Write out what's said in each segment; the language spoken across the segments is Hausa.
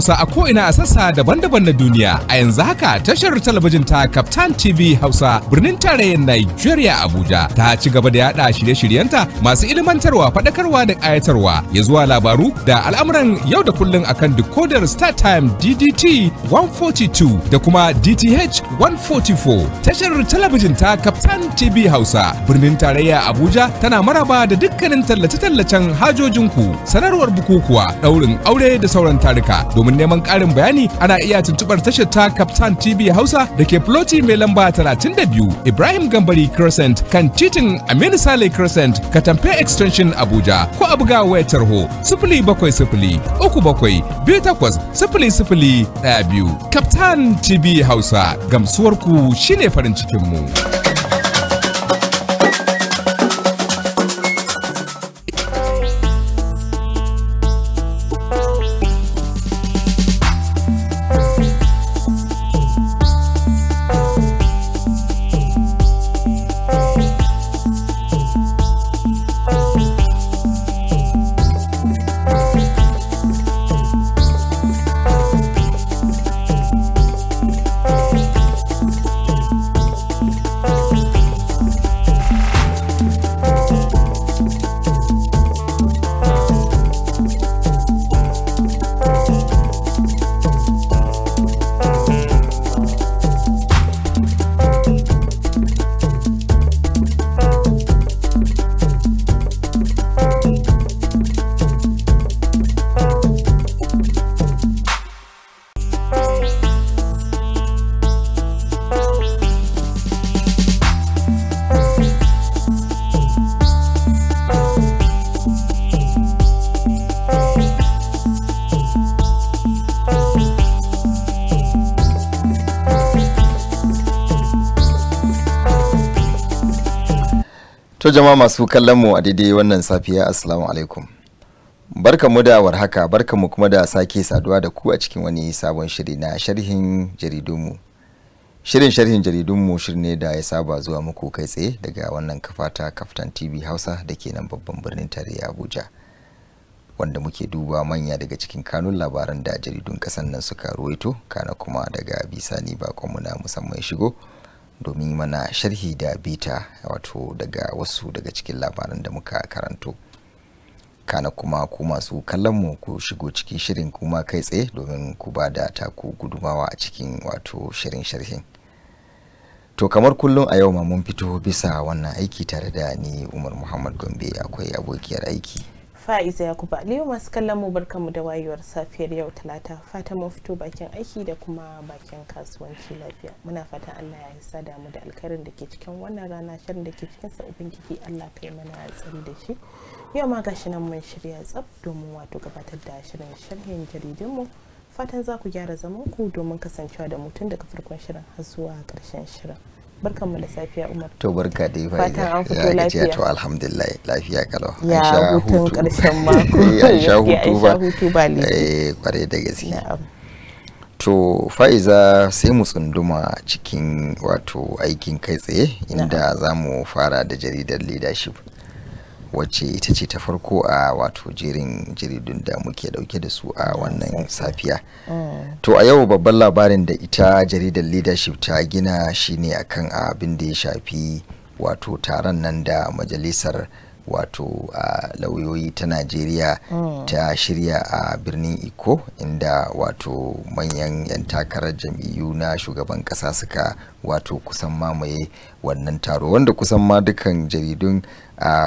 Hausa a ko'ina a sassa daban-daban na duniya. A yanzu haka tashar talabijin ta Captain TV Hausa birnin tarayyar Nigeria Abuja ta ci gaba da yada shirye-shiryenta masu ilimantarwa, fadakarwa da ƙayatarwa ya zuwa labaru da al'amuran yau da kullun akan decoder Star Time DDT 142 da kuma DTH 144. Tashar talabijin ta Captain TV Hausa birnin tarayya Abuja tana maraba da dukkanin tallace-tallacen hajojinku, sanarwar bukukuwa, daurin aure da sauran tarika domin domin neman ƙarin bayani ana iya tuntuɓar tashar ta Captain TV Hausa da ke Ploti mai lamba 32 Ibrahim Gambari Crescent kan titin Aminu Sale Crescent Katamfe Extension Abuja ko a buga waya tarho 070 37 biyu Captain TV Hausa gamsuwarku shine farin cikinmu. mu. jama'a masu kallon mu a daidai wannan safiya assalamu alaikum barkamu da warhaka mu kuma da sake saduwa da ku a cikin wani sabon shiri na sharhin jaridunmu shirin sharhin jaridunmu shirin ne da ya saba zuwa muku kai tsaye daga wannan kafata kaftan tv hausa da ke nan babban birnin tarayya abuja wanda muke duba manya daga cikin kanun labaran da jaridun kasan nan suka ruwaito kana kuma daga bisani bakonmu na musamman shigo domin mana sharhi da bita wato daga wasu daga cikin labaran da muka karanto kana kuma ku masu kallon mu ku shigo cikin shirin kuma kai tsaye domin ku ba da taku gudumawa a cikin wato shirin sharhin to kamar kullum a yau ma mun fito bisa wannan aiki tare da ni umar muhammad gombe akwai abokiyar aiki fa'iza yakuba aliyu masu kallon mu mu da wayewar safiyar yau talata fata mun fito bakin aiki da kuma bakin kasuwanci lafiya muna fatan allah ya yi da mu da alkarin da ke cikin wannan rana shirin da ke cikin sa ubangiji allah ka yi mana tsari da shi yau ma gashi nan mun shirya tsaf domin wato gabatar da shirin sharhin jaridin mu fatan za ku gyara zaman ku domin kasancewa da mutum daga farkon shirin har zuwa karshen shirin barkanmu da safiya umar to barka dai fa fatan an fito lafiya to alhamdulillah lafiya kalo. ya hutun karshen mako ya eh, sha hutu ba eh kware da gaske to fa'iza sai mu tsunduma cikin wato aikin kai tsaye inda za mu fara da jaridar leadership wacce ita ce ta farko a wato jerin jaridun da muke dauke da su a wannan safiya mm. to a yau babban labarin da ita jaridar leadership ta gina shine akan abin da ya shafi wato taron nan da majalisar wato a lauyoyi ta najeriya mm. ta shirya a birnin iko inda wato manyan 'yan takarar jam'iyyu na shugaban kasa suka wato kusan mamaye wannan taro wanda kusan ma dukan jaridun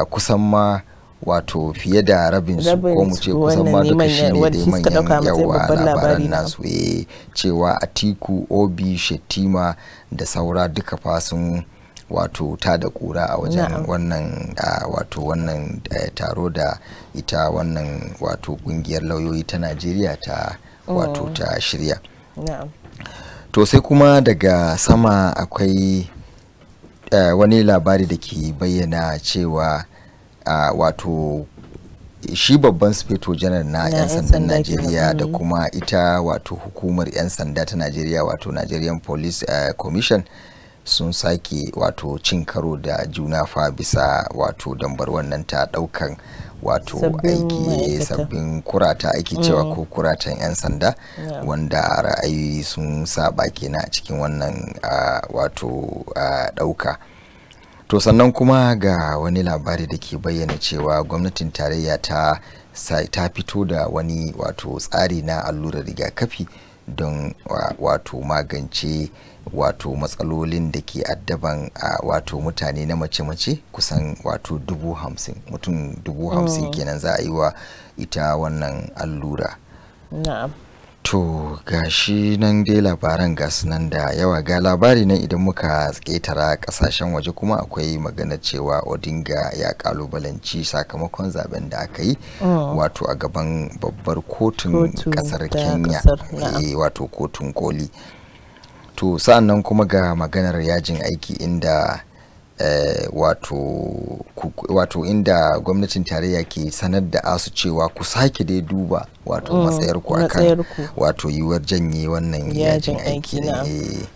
kusan ma wato fiye da rabin su ko mu ce kusan ma duka shi ne da manyan yawa labaran nasu eh cewa atiku obi shetima da saura duka fasun wato ta da kura a wajen wannan wato wannan eh, taro da ita wannan wato kungiyar lauyoyi ta najeriya ta wato mm. ta shirya to sai kuma daga sama akwai Eh, wani labari da ke bayyana cewa ah, wato shi babban speto janar na 'yan sandan najeriya da mm. kuma ita wato hukumar 'yan sanda ta najeriya wato nigerian police uh, commission sun sake wato cin karo da juna fa bisa wato dambar wannan ta daukan wato aiki sabbin kurata ake cewa mm. ko kuratan 'yan sanda wanda ra'ayi sun saba kenan a cikin wannan wato dauka to sannan kuma ga wani labari da ke bayyana cewa gwamnatin tarayya ta ta fito da wani wato tsari na allurar rigakafi don wato magance wato matsalolin da ke addaban a wato mutane na mace-mace kusan wato dubu hamsin mutum dubu hamsin mm. kenan za a yi wa ita wannan allura to gashi nan dai labaran gas nan da yawa ga labari nan idan muka ƙetara kasashen waje kuma akwai magana cewa odinga ya kalubalanci sakamakon zaben da aka yi mm. wato a gaban babbar kotun kasar kenya eh, wato kotun koli to sa'an nan kuma ga maganar yajin aiki inda eh, wato, inda gwamnatin tarayya ke sanar da asu cewa ku sake dai duba wato mm, matsayarku akan wato yiwuwar janye wannan yajin aiki ne eh,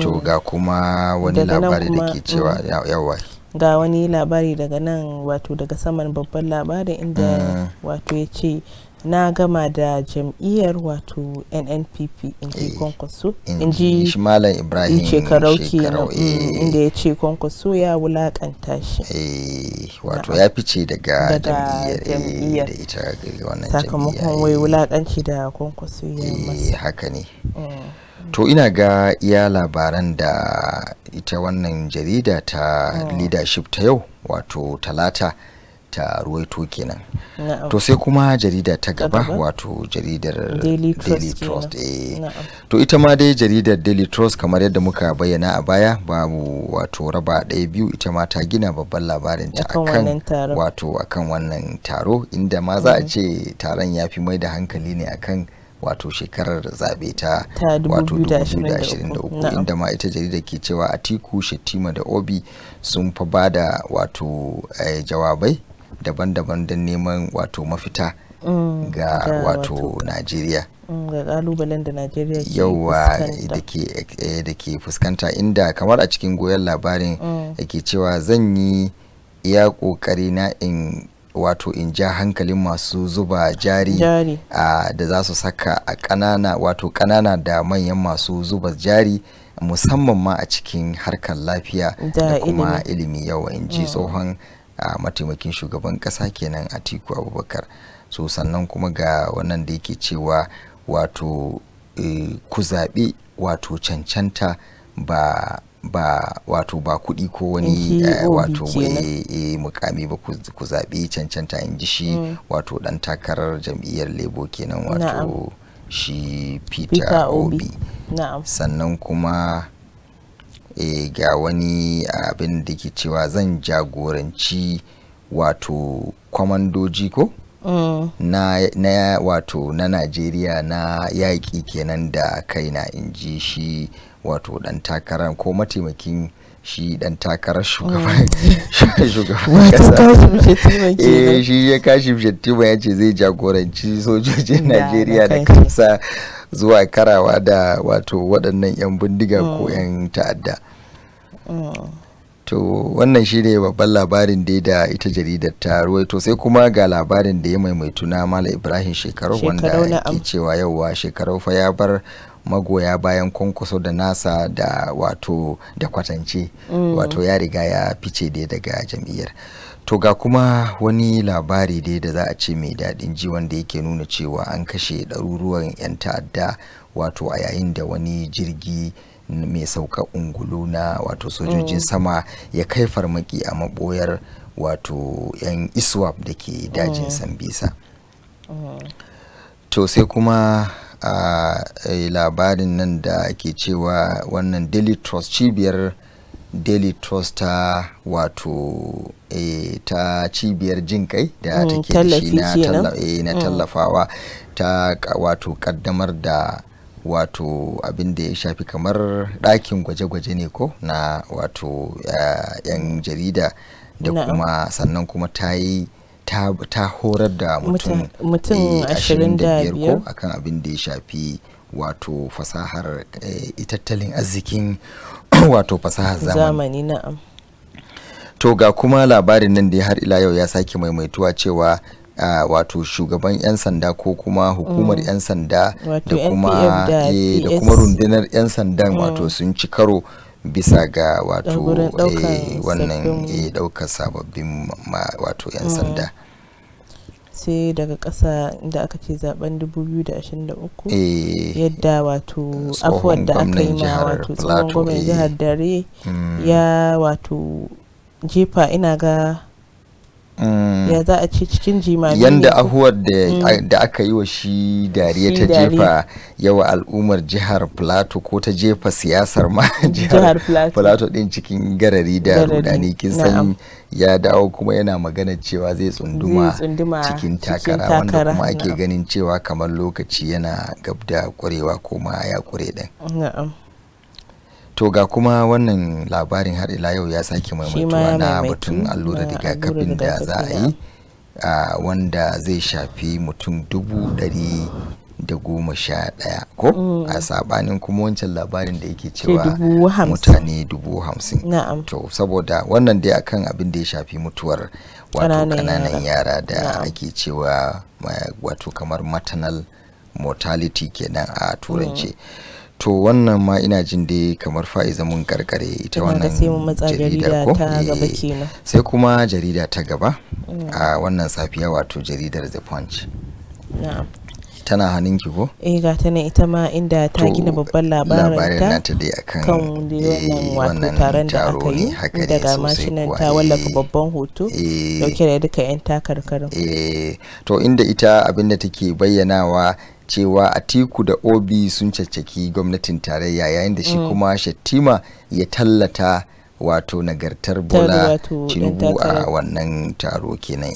to mm. ga kuma wani labari da ke cewa mm. yawa ga wani labari daga nan wato daga saman babban labarin inda mm. wato ya ce na gama da jam'iyyar wato nnpp in ji eh, kwankwaso in ji shimalan ibrahim shekarauki mm, eh. inda ya ce kwankwaso ya wulakanta shi eh, wato ya fice daga jam'iyyar da ita wannan sakamakon wai wulakanci da kwankwaso ya masa haka ne mm. to ina ga iya labaran da ita wannan jarida ta mm. leadership ta yau wato talata ta ruwaito kenan to sai kuma jarida ta gaba wato jaridar daily trust eh. to ita ma dai jaridar daily trust kamar yadda muka bayyana a baya babu wato raba ɗaya biyu ita ma ta gina babban labarin ta akan wato akan wannan taro inda ma za a mm-hmm. ce taron ya fi mai da hankali ne akan wato shekarar zaɓe ta wato 2023 inda ma ita jarida ke cewa atiku shettima da obi sun fa bada wato eh, jawabai daban-daban don neman wato mafita mm, ga wato najeriya mm, ga kalubalen da najeriya ke eh, da ke fuskanta inda kamar a cikin goyon labarin mm. yake cewa zan yi iya kokari na in wato in ja hankalin masu zuba jari da za su saka a kanana wato kanana da manyan masu zuba jari musamman ma a cikin harkar lafiya da kuma ilimi yawa in ji tsohon a mataimakin shugaban kasa kenan atiku abubakar so sannan kuma ga wannan da yake cewa wato eh, ku zaɓi wato cancanta ba ba wato ba kuɗi ko wani eh, wato e, mukami ba ku zaɓi cancanta in ji shi mm. wato ɗan takarar jam'iyyar lebo kenan wato shi peter, obi. sannan kuma e, ga wani ah, abin da ke cewa zan jagoranci wato kwamandoji ko mm. na, wato na najeriya na yaƙi kenan da kaina in ji shi wato ɗan takarar ko mataimakin shi dan takarar mm. shugaban eh, shi ya kashi shetima ya ce zai jagoranci sojojin najeriya da kansa zuwa karawa da wato waɗannan 'yan bindiga ko 'yan mm. ta'adda mm. to wannan shi ne babban labarin da da ita jaridar ta to sai kuma ga labarin da ya maimaitu na mala ibrahim shekaru wanda ke cewa yauwa shekaru fa ya bar magoya bayan kwankwaso da nasa da wato da kwatance mm. wato ya riga ya fice dai daga jam'iyyar to ga kuma wani labari dai da za a ce mai daɗin ji wanda yake nuna cewa an kashe ɗaruruwan 'yan ta'adda wato a yayin da wani jirgi mai sauka ungulu na wato sojojin mm. sama ya kai farmaki a maɓoyar wato 'yan iswap da ke dajin mm. sambisa mm. to sai kuma a eh, labarin nan da ke cewa wannan daily trust cibiyar daily trust wato e, ta cibiyar jin kai da mm, take da shi na, talla, e, na mm. tallafawa ta wato kaddamar da wato abin da ya shafi kamar ɗakin gwaje-gwaje ne ko na wato eh, yan jarida da no. kuma sannan kuma ta yi ta horar da mutum 25 ko akan abin da ya shafi wato fasahar eh, tattalin arzikin wato fasahar zamani na'am to ga kuma labarin nan da har ila yau ya sake maimaituwa cewa Uh, wato shugaban 'yan sanda ko kuma hukumar mm. 'yan sanda da kuma da eh, kuma rundunar 'yan sandan mm. wato sun ci karo bisa ga wato eh, wannan daukar eh, sababbin wato 'yan mm. sanda. sai daga ƙasa da aka ce zaben 2023 eh, yadda wato afuwar da aka yi ma wato tsohon gwamnan eh. jihar dare hmm. ya wato jefa ina ga Mm. ya za a ce cikin jimami yanda ahuwar mm. da aka yi wa shi dariya ta jefa yawa al'ummar jihar plateau ko ta jefa siyasar ma jihar plateau din cikin garari da rudani kin sani ya dawo kuma yana magana cewa zai tsunduma cikin takara wanda kuma ake ganin cewa kamar lokaci yana gabda da kwarewa ko ma ya kure din to ga kuma wannan labarin har ila yau ya sake maimaituwa na batun allurar rigakafin da za a yi wanda zai shafi mutum dubu dari da goma sha daya ko mm. a sabanin kuma wancan labarin da yake cewa mutane dubu hamsin to saboda wannan dai akan abin da ya shafi mutuwar wato kananan yara da ake cewa wato kamar maternal mortality kenan a turanci. mm. to wannan ma ina jin dai kamar fa'iza mun karkare ita wannan jarida ko eh, sai kuma jarida ta gaba mm. a wannan safiya wato jaridar the punch tana hannun ki ko eh ga ta ne ita ma inda ta gina babban labarin ta nata dai akan kan eh, wannan taron da aka yi daga mashinan ta wallafa eh, babban hoto dauke da duka yan takarkarin eh to inda ita abinda take bayyanawa cewa atiku da obi sun caccaki gwamnatin tarayya yayin da shi mm. kuma shattima ya tallata wato nagartar bola tinubu a wannan taro kenan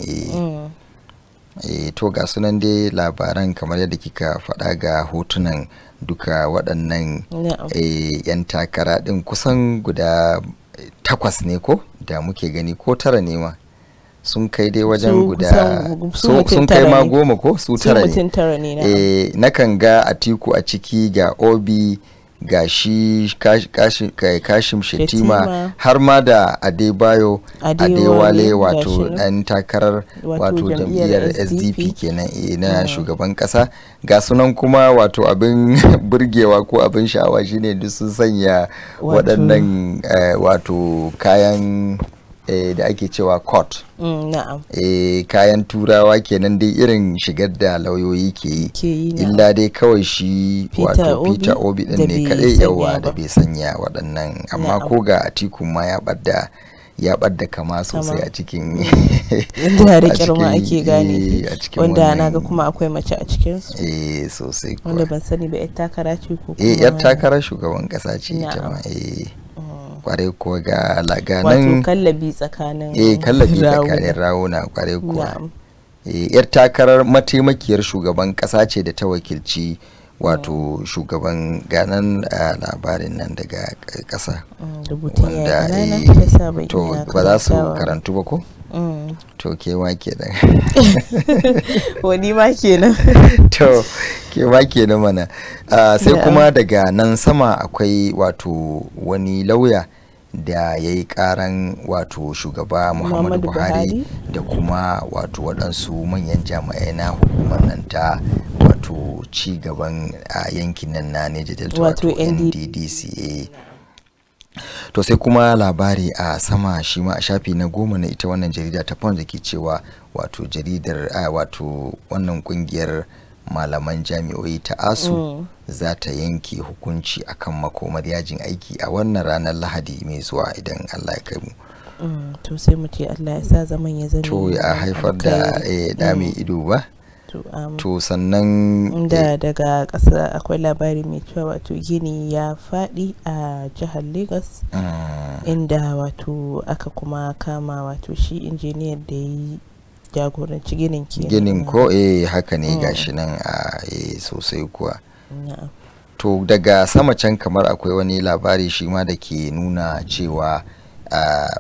e to ga sunan dai labaran kamar yadda kika faɗa ga hotunan duka waɗannan eh, yan takara ɗin kusan guda takwas ne ko da muke gani ko tara nema. sun kai dai wajen guda sun kai ma goma ko su tara ne na eh, nakan ga a tiku a ciki ga obi ga shi kashim shetima har ma da adebayo adewale wato dan takarar wato jam'iyyar sdp kenan eh, na ah. shugaban kasa ga sunan kuma wato abin burgewa ko abin sha'awa shine duk sun sanya waɗannan eh, wato kayan eh, da ake cewa court mm, eh, kayan turawa kenan dai irin shigar da lauyoyi ke yi illa dai kawai shi wato peter obi din ne kadai yawa da bai sanya waɗannan amma ko ga atiku ma ya ɓadda ya ɓadda kama sosai a cikin mm. da da ruwa ake gane eh, wanda na ga kuma akwai mace a cikin su eh sosai wanda ban sani ba yar takara ce ko eh yar takara shugaban kasa ce ita ma eh kwarai kuwa ga laganan wato kallabi tsakanin eh kallabi tsakanin rawuna kwarai kuwa eh, yar takarar mataimakiyar shugaban kasa ce da ta wakilci wato shugaban ganan labarin nan daga eh, kasa mm, wanda eh, to ba za su karantu ba ko to kewa kenan wani ma kenan to kewa kenan mana ah, sai kuma daga nan sama akwai wato wani lauya da ya yi karan wato shugaba muhammadu buhari da kuma wato waɗansu manyan jami'ai na hukumar nan ta wato ci gaban ah, yankin nan na niger wato nddca to sai kuma labari a sama shi ma a shafi na goma na ita wannan jarida ta pound da ke cewa wato jaridar a wato wannan kungiyar malaman jami'o'i ta asu mm. za ta yanke hukunci akan makomar yajin aiki a wannan ranar lahadi mai zuwa idan allah ya kai mu mm, to sai mu ce allah ya sa zaman ya zama to ya haifar da eh, da mai mm. ido ba Um, to sannan da daga ƙasa akwai labari mai cewa wato gini ya faɗi a jihar lagos mm. inda wato aka kuma kama wato shi injiniyar da ya yi jagoranci ginin ke ginin ko eh haka ne mm. gashi nan a eh, sosai kuwa to daga sama can kamar akwai wani labari shi ma da ke nuna cewa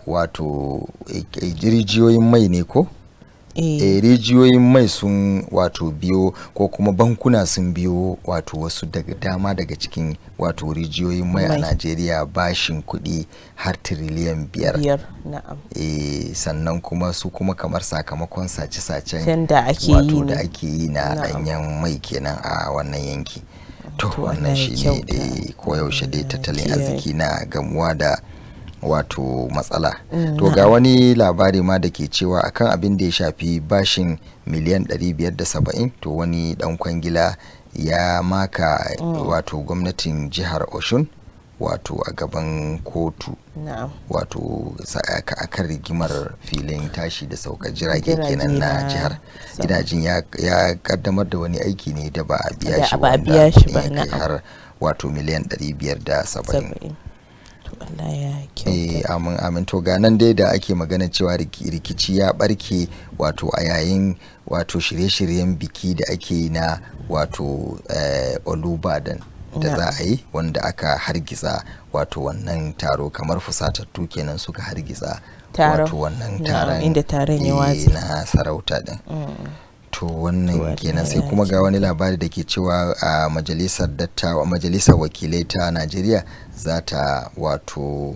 wato eh, eh, rijiyoyin mai ne ko e rijiyoyin mai sun wato biyo ko kuma bankuna sun biyo wato wasu daga dama daga cikin wato rijiyoyin mai a najeriya bashin kudi har tiriliyan biyar e sannan kuma su kuma kamar sakamakon sace-sacen wato da ake yi na danyen mai kenan a wannan yanki to wannan shi ne da koyaushe dai tattalin arziki na gamuwa da wato matsala mm, to ga wani labari ma da ke cewa akan abin da ya shafi bashin miliyan 570 to wani dan kwangila ya maka mm. wato gwamnatin jihar oshun wato a gaban kotu wato a kan rigimar filin tashi da sauka jirage kenan na jihar ina jin ya, kaddamar da wani aiki ne da ba a biya shi ba har wato miliyan 570 Eh amin amin to ga nan dai da ake magana cewa rikici ya barke wato a yayin wato shirye-shiryen biki da ake yi na wato eh, Olubadan. da za a yi wanda aka hargitsa wato wannan taro kamar fusatattu kenan suka hargitsa wato wannan taron inda taron ya eh, na sarauta din. Mm. to wannan kenan sai kuma ga wani labari da ke cewa a majalisar dattawa majalisar wakilai ta najeriya za ta wato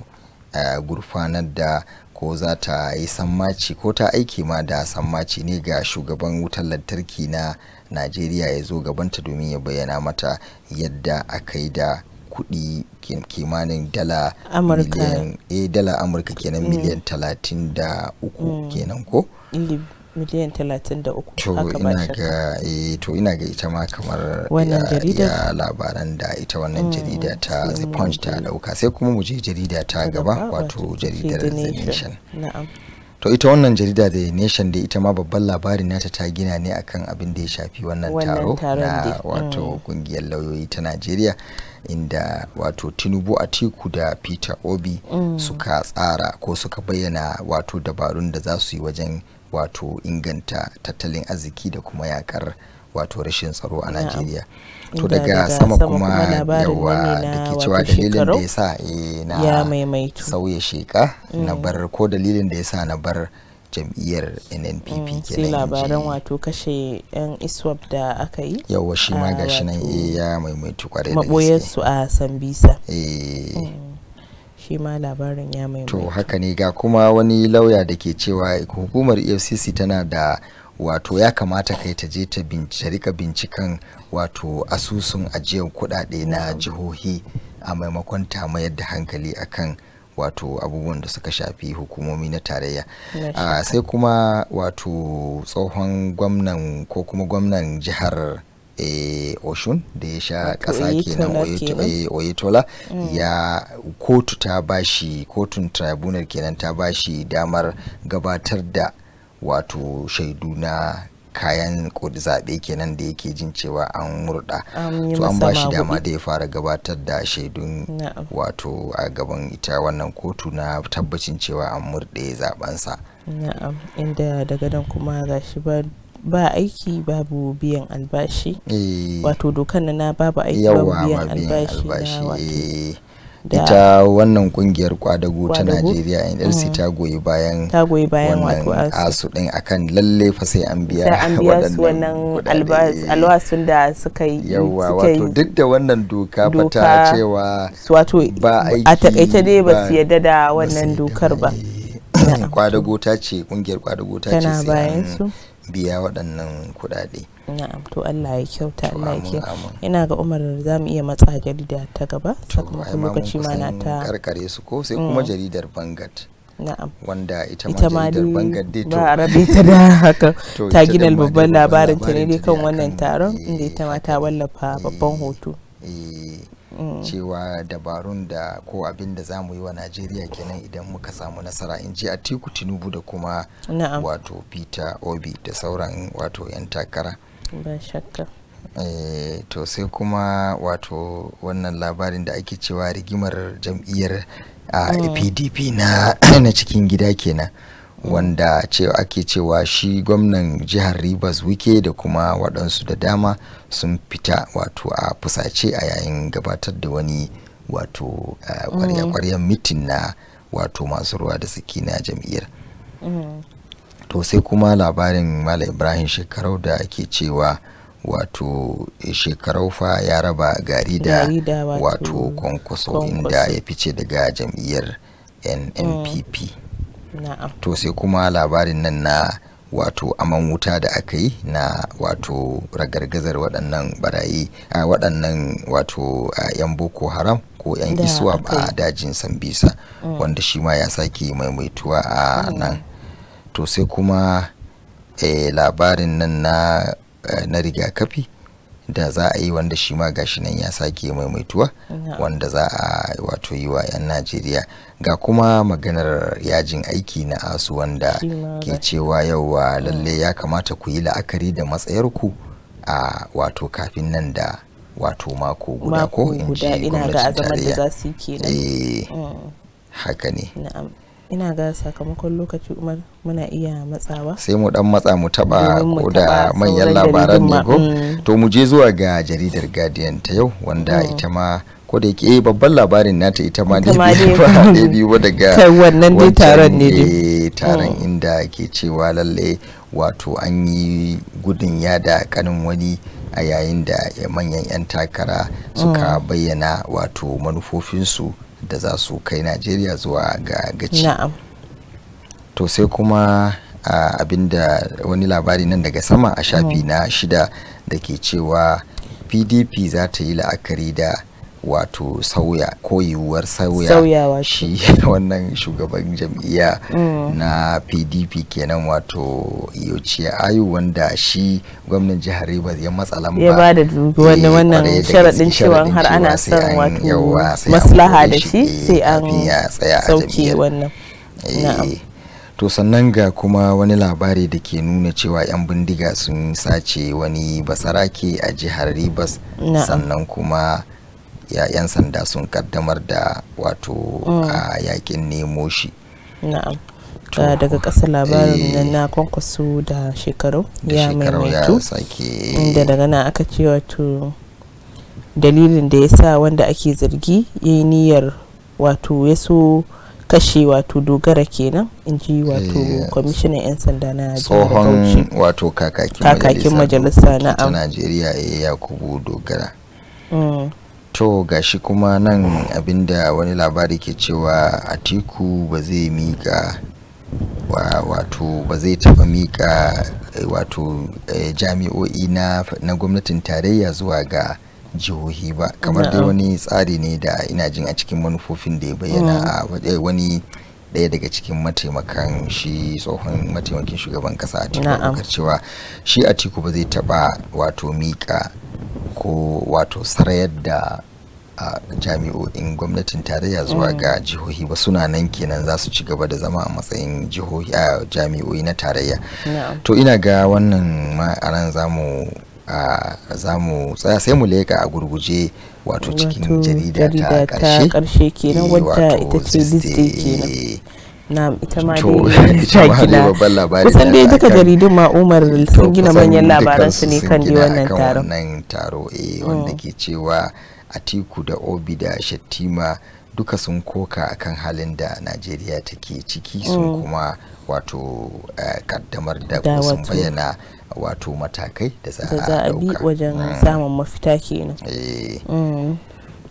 gurfanar da ko za ta yi sammaci ko ta aiki ma da sammaci ne ga shugaban wutar lantarki na najeriya ya zo gabanta domin ya bayyana mata yadda aka yi da kuɗi kimanin dala amurka eh, kenan mm. miliyan talatin da uku mm. kenan ko miliyan 33 to ina ga eh, to ina ga ita ma kamar wannan jarida labaran da ita wannan hmm, jarida ta The Punch ta dauka sai kuma mu je jarida ta gaba wato jaridar The Nation na'am to ita wannan jarida da nation da ita ma babban labarin nata ta gina ne akan abin da ya shafi wannan taro na wato kungiyar hmm. lauyoyi ta najeriya inda wato tinubu atiku da peter obi mm. suka tsara ko suka bayyana wato dabarun da za su yi wajen wato inganta tattalin arziki da kuma yakar wato rashin tsaro a Najeriya. To daga sama kuma yawa da ke cewa dalilin da ya sa eh, na sauya sheka na mm. bar ko dalilin da ya sa na bar jam'iyyar nnpp mm, ke nan labaran wato kashe yan iswap da aka yi yawa shi ma gashi nan eh, ya maimaitu kwarai da gaske Maboyarsu a sambisa eh, mm. shi ma labarin ya mai to haka ne ga kuma wani lauya da ke cewa hukumar efcc tana da wato ya kamata kai ta je ta rika binciken wato asusun ajiyar kuɗaɗe na jihohi a maimakon ta mayar da hankali akan wato abubuwan da suka shafi hukumomi na tarayya ah, sai kuma wato tsohon gwamnan ko kuma gwamnan jihar Eh, oshun da ya sha kasa kenan eh, oyetola mm. ya kotu ta bashi kotun tribunal kenan ta bashi damar gabatar da wato shaidu na kayan zaɓe kenan da yake jin cewa an murda to an bashi dama da ya fara gabatar da shaidun wato a gaban ita wannan kotu na tabbacin cewa an murɗe zaɓensa na'am inda daga nan kuma gashi ba ba aiki babu biyan albashi eh. wato dokan na na babu aiki babu biyan albashi na wato eh. ita wannan kungiyar kwadago ta najeriya nlc mm. ta goyi bayan ta goyi bayan wato asu din akan lalle fa sai an biya wannan eh. alwasun da suka yi yawa wato duk da wannan doka fata cewa wato a takaice dai ba su yadda da wannan dokar ba kwadago ta ce kungiyar kwadago ta ce sai biya waɗannan kuɗaɗe. na'am to Allah ya kyauta Allah ya kyauta ina ga Umar za mu iya matsa jarida ta gaba sakamakon lokaci ma na ta karkare su ko sai kuma mm. jaridar Bangat na'am wanda ita ma jaridar Bangat dai to ba rabe ta da haka ta gina babban labarin ta ne kan wannan taron inda eh, ita ma ta wallafa babban eh, hoto eh. cewa dabarun da ko abin da za mu yi wa najeriya kenan idan muka samu nasara in ji tiku tinubu da kuma wato peter obi da sauran wato 'yan takara eh, to sai kuma wato wannan labarin da ake cewa rigimar jam'iyyar ah, mm. a pdp na cikin gida kenan wanda cewa ake cewa shi gwamnan jihar rivers wike da kuma waɗansu da dama sun fita wato a fusace a yayin gabatar da wani wato eh, kwarya-kwaryen mm. mitin na wato masu ruwa da tsaki na jam'iyyar mm-hmm. to sai kuma labarin malam ibrahim shekarau da ake cewa wato eh, shekarau fa ya raba gari da wato kwankwaso inda ya fice daga jam'iyyar nnpp to sai kuma labarin nan na wato aman wuta da aka yi na wato ragargazar waɗannan barayi a waɗannan wato yan boko haram ko yan isuwa a dajin sambisa mm. wanda shi ma ya sake maimaituwa a mm. nan to sai kuma e, labarin nan na e, na rigakafi da za a yi wanda shi ma gashi nan ya sake maimaituwa wanda za a wato yi wa 'yan najeriya ga kuma maganar yajin aiki na asu wanda ke cewa yauwa mm. lalle ya kamata ku yi la'akari da matsayarku a wato kafin nan da wato mako guda ko in ji gwamnatin eh, mm. haka ne ina ga sakamakon lokaci umar muna iya matsawa sai mu dan matsa mu taba ko da manyan labaran ne ko mm. to mu je zuwa ga jaridar guardian ta yau wanda ita ma ko da yake eh, babban labarin nata ita ma da biyu daga wannan dai taron ne eh, taron hmm. inda ke cewa lalle wato an yi gudun yada kanin wani a yayin da manyan 'yan takara suka hmm. bayyana wato manufofinsu da za su kai najeriya zuwa ga gaci to sai kuma abinda wani labari nan daga sama a shafi hmm. na shida da ke cewa pdp za ta yi la'akari da wato sauya ko yiwuwar sauya shi wannan shugaban jam'iyya mm. na pdp kenan wato yauci ayu wanda shi gwamnan jihar rivers ya matsa lamba ya ba da eh, wani wannan sharaɗin cewa har ana son wato maslaha da shi eh, sai an sauke wannan eh, to sannan ga kuma wani labari da ke nuna cewa 'yan bindiga sun sace wani basarake a jihar rivers sannan kuma ya 'yan sanda sun kaddamar da wato mm. a yakin nemo shi na'am ah, daga kasa labarin eh, na na kwankwaso da shekaru ya maimaitu inda daga nan aka ce wato dalilin da ya sa wanda ake zargi ya yi niyyar wato ya so kashe wato dogara kenan in ji wato eh, kwamishinan 'yan sanda na tsohon wato kakakin majalisa na najeriya ya eh, yakubu dogara mm. to gashi kuma nan abinda wani labari ke cewa atiku ba zai mika wato ba zai taɓa mika eh, wato eh, jami'o'i na gwamnatin tarayya zuwa ga jihohi ba kamar dai wani tsari ne da ina jin a cikin manufofin da ya bayyana mm. a eh, wani daya daga cikin mataimakan shi tsohon mataimakin shugaban kasa a tiku cewa shi a tiku ba zai taɓa wato mika ko wato sarayar da jami'o'in gwamnatin tarayya zuwa mm. ga jihohi ba suna nan kenan za su ci gaba da zama a matsayin jihohi a jami'o'i na tarayya to ina ga wannan ma'aran za mu tsaya sai mu leka a gurguje wato cikin jarida ta karshe kenan eh, wadda ita ce liste kenan na ita ma dai ta gina kusan dai duka jaridun ma umar sun gina manyan labaran su ne kan wannan taro wannan taro eh mm. wanda ke cewa atiku da obi da shattima duka sun koka akan halin da najeriya take ciki sun mm. kuma wato eh, kaddamar da sun bayyana wato matakai da za a bi wajen mm. samun mafita kenan eh. mm.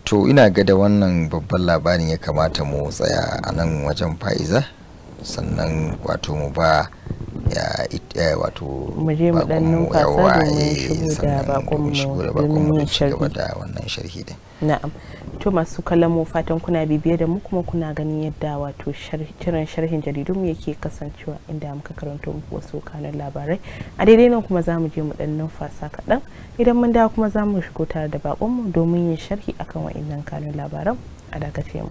to ina ga da wannan babban labarin ya kamata mu tsaya a nan wajen fa'iza sannan wato mu ba ya eh, wato mu je mu dan sannan eh, shigo da bakon mu domin da wannan sharhi din na'am to masu kallon mu fatan kuna bibiye da mu kuma kuna ganin yadda wato kiran sharhin mu yake kasancewa inda muka karanto muku wasu kanun labarai a daidai nan kuma zamu je mu dan numfasa kaɗan idan mun dawo kuma zamu shigo tare da baƙonmu domin yin sharhi akan wa'innan kanun labaran a dakace mu.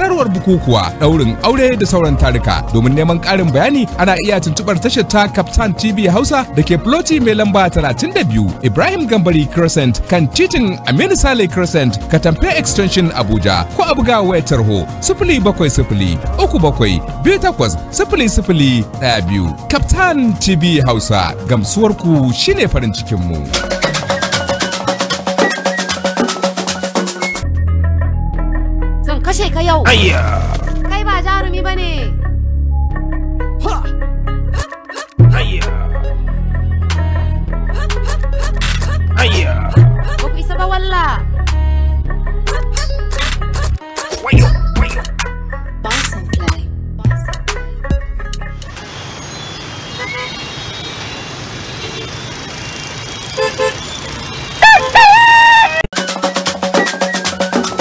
sanarwar bukukuwa, ɗaurin aure da sauran tarika. Domin neman karin bayani ana iya tuntuɓar tashar ta Captain TV Hausa da ke Ploti mai lamba 32 Ibrahim Gambari Crescent kan titin Aminu Sale Crescent Katamfe Extension Abuja ko a buga wayar tarho 070 37 0800 biyu Captain TV Hausa gamsuwar ku shine farin cikin mu yau kai ba jarumi bane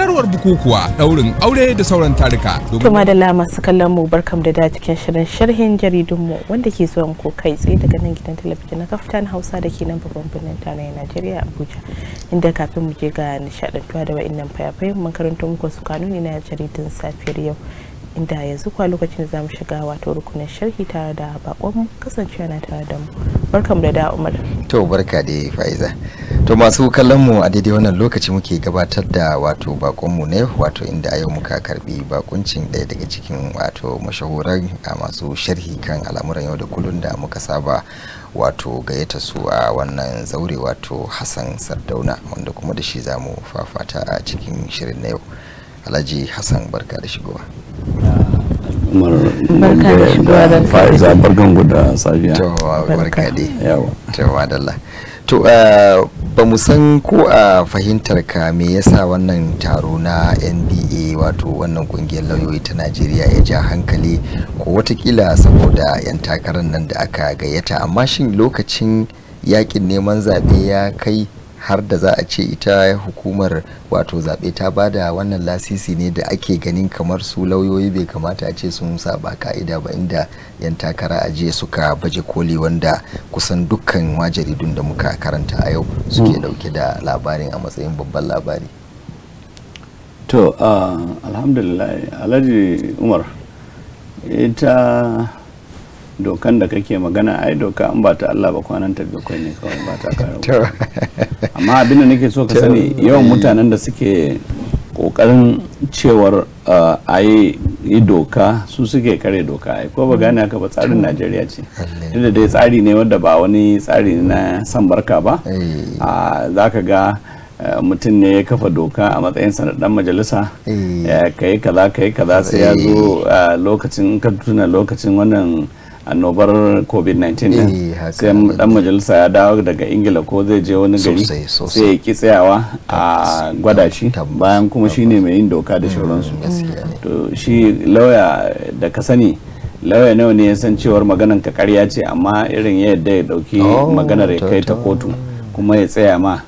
sanarwar bukukuwa daurin aure da sauran tarika kuma da lama su kallon mu barkam da da cikin shirin sharhin jaridun mu wanda ke zuwa ko kai tsaye daga nan gidan talabijin na kaftan hausa da ke nan babban birnin tarayyar najeriya abuja inda kafin mu je ga nishadantuwa da wa'annan fayafayen mun karanto muku su kanuni na jaridun safiyar yau inda yanzu kwa lokacin za mu shiga wato rukunin sharhi tare da bakonmu kasancewa na tare da mu barkam da da umar to barka da faiza to masu kallon mu a daidai wannan lokaci muke gabatar da wato bakonmu ne wato inda a yau muka karbi bakuncin ɗaya daga cikin wato mashahuran a masu sharhi kan al'amuran yau da kullun da muka saba wato gayyata su a wannan zaure wato hassan sardauna wanda kuma da shi za mu fafata a cikin shirin na yau alhaji hassan barka da shigowa umar fa'iza barkan da safiya to barka dai yawa to to uh, ba mu san ko a uh, fahimtar ka me yasa wannan taro na nba wato wannan kungiyar lauyoyi ta najeriya ya ja hankali ko watakila saboda yan takarar nan da aka gayyata amma shin lokacin yakin neman zaɓe ya kai har da za a ce ita hukumar wato zaɓe ta ba da wannan lasisi ne da ake ganin kamar su lauyoyi bai kamata a ce sun saba ka'ida ba inda 'yan takara a jiya suka baje koli wanda kusan dukkan wa jaridun da muka karanta a yau suke dauke hmm. da labarin a matsayin babban labari to ah, alhamdulillah alhaji umar ita dokan da kake magana ai doka an ba ta Allah ba kwanan ta bakwai ne kawai ba ta karo amma abin nake so ka sani yawan mutanen da suke kokarin cewar eh, a yi doka su suke kare doka ai ko ba gane haka ba tsarin najeriya ce duk dai tsari ne wanda ba wani tsari na san barka ba eh. ah, za ka ga eh, mutum ne ya kafa doka a matsayin sanaddan majalisa ka yi kaza ka yi kaza sai ya zo lokacin ka tuna lokacin wannan annobar covid-19 eh, sai dan majalisa ya dawo daga ingila ko zai je wani gari sai ya ki tsayawa a gwada shi bayan kuma shine mai yin doka da mm, shauransu to shi lauya da ka sani lauya nawa ne ya san cewar maganan ka karya ce amma irin ya yadda ya dauki oh, maganar ya kai ta kotu kuma ya tsaya ma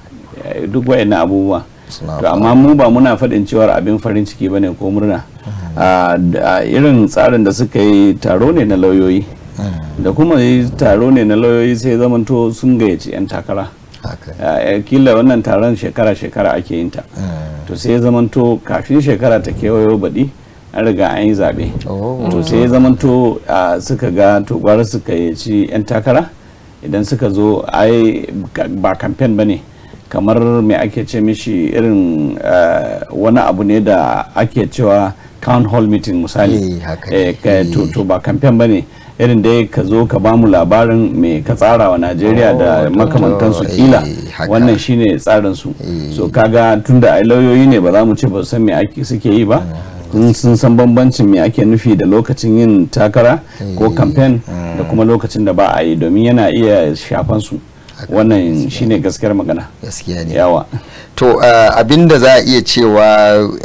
eh, duk wayannan abubuwa to amma mu ba muna faɗin cewar abin farin ciki bane ko murna mm. ah, a irin tsarin da suka yi taro ne na lauyoyi da kuma taro ne na lauyoyi sai zamanto sun gayyaci 'yan takara eh, kila wannan taron shekara-shekara ake yin ta eh. to sai zamanto kafin shekara ta kewayo baɗi an riga an yi zaɓe oh. to sai zamanto suka ga to gwara suka yaci 'yan takara idan suka zo ai ba kamfen ba ne kamar mai ake ce mishi irin eh, wani abu ne da ake cewa town hall meeting misali to ba kamfen ba ne irin dai ka zo ka bamu labarin mai ka tsara wa najeriya da oh, oh, makamantansu eh, kila wannan shine tsarin su eh. so kaga tunda ai lauyoyi ne ba za mu ce ba san me ake suke yi ba eh. sun san bambancin me ake nufi da lokacin yin takara ko kamfen da kuma lokacin da ba a yi domin yana iya shafan su wannan shine gaskiyar magana gaskiya ne yawa to uh, abinda za a iya cewa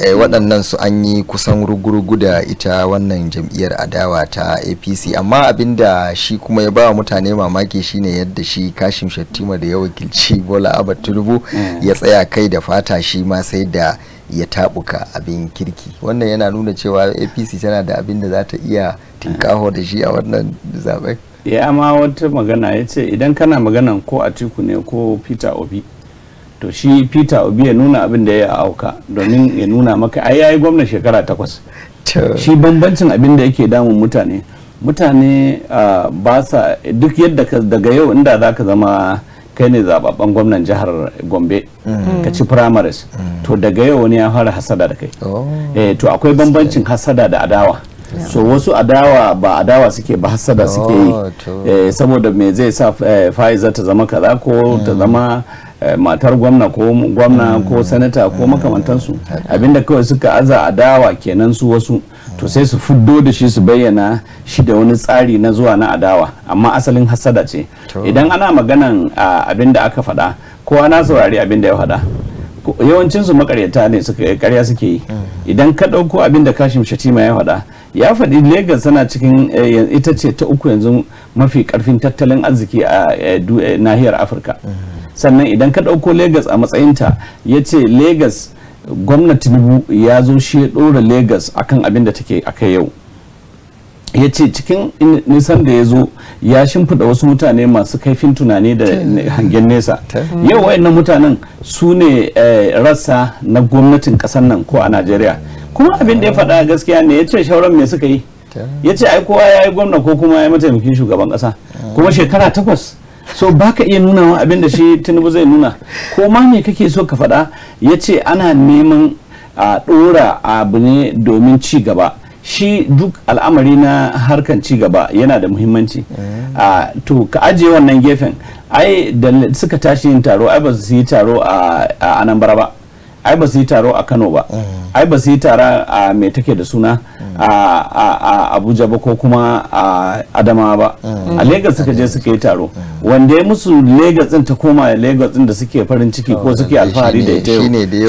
eh, waɗannan su an yi kusan rugurugu da ita wannan jam'iyyar adawa ta apc amma abinda shi kuma ya bawa mutane mamaki shine yadda shi kashim shattima da ya wakilci bola abad tinubu mm. ya tsaya kai da fata shi ma sai da ya tabuka abin kirki wannan yana nuna cewa apc tana da abin da za ta iya tinkaho da shi a wannan zaɓen ya ma wata magana ya ce idan kana maganan ko a atiku ne ko peter obi to shi peter obi ya nuna abin da ya auka domin ya nuna maka ai yayi gwamna shekara takwas shi bambancin abin da yake damun mutane mutane ah, ba sa duk yadda ka daga yau inda za ka zama kai ne zababban gwamnan jihar gombe mm. ka ci primaries mm. to daga yau wani ya fara hasada da kai oh. eh, to akwai bambancin hasada da adawa so wasu adawa ba adawa suke ba hasada oh, suke yi eh, saboda me zai sa eh, Pfizer ta zama kaza ko hmm. ta zama eh, matar gwamna ko gwamna hmm. ko sanata ko hmm. makamantansu abinda kawai suka aza adawa kenan su wasu to sai su fuddo da shi su bayyana shi da wani tsari na zuwa na adawa amma asalin hasada ce idan ana maganan abinda aka faɗa kowa na saurari abinda da ya faɗa yawancinsu makaryata ne suka karya suke yi idan ka ɗauko abinda da kashim shatima ya faɗa ya faɗi Legas tana cikin eh, ita ce ta uku yanzu mafi karfin tattalin arziki a eh, eh, nahiyar Afirka. Sannan idan ka ɗauko Legas a matsayinta ya ce Legas gwamnati nubu ya zo shi ya ɗora Legas akan abin da take a kai yau. ya ce cikin nisan da ya zo ya shimfiɗa wasu mutane masu kaifin tunani da hangen nesa yau wayannan mutanen su ne rassa na gwamnatin ƙasar nan ko a najeriya kuma abin da ya faɗa gaskiya ne ya ce shauran me suka yi ya ce ai kowa ya yi gwamna ko kuma ya mataimakin shugaban ƙasa kuma shekara takwas so baka iya nuna wa abin da shi tinubu zai nuna ko ma me kake so ka faɗa ya ce ana neman a ɗora abu ne domin ci gaba shi duk al'amari na harkan ci gaba yana da muhimmanci mm. to ka ajiye wannan gefen ai da suka tashi yin taro ai ba su yi taro a anambra ba ai ba su yi taro a kano ba ai ba su yi tara a mai take da suna a abuja ba ko kuma a Adamawa ba a lagos suka je suka yi taro wanda ya musu lagos din ta koma lagos din da suke farin ciki ko suke alfahari da ita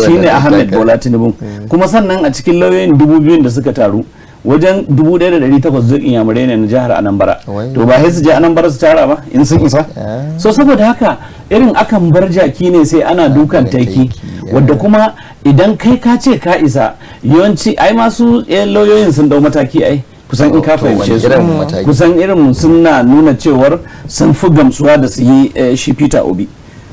shine ahmed bola tinubu mm. kuma sannan a cikin lauyoyin dubu biyun da suka taru wajen 1,800 zuwa inyamurai ne na jihar anambra to ba sai su je anambra su tara ba in sun isa ah. so saboda haka irin akan bar jaki ne sai ana dukan taiki wadda kuma idan kai ka ce ka isa yawanci ai masu lauyoyin sun dau mataki ai kusan in ka fahimce su kusan irin suna nuna cewar sun fi gamsuwa da su yi eh, shi peter obi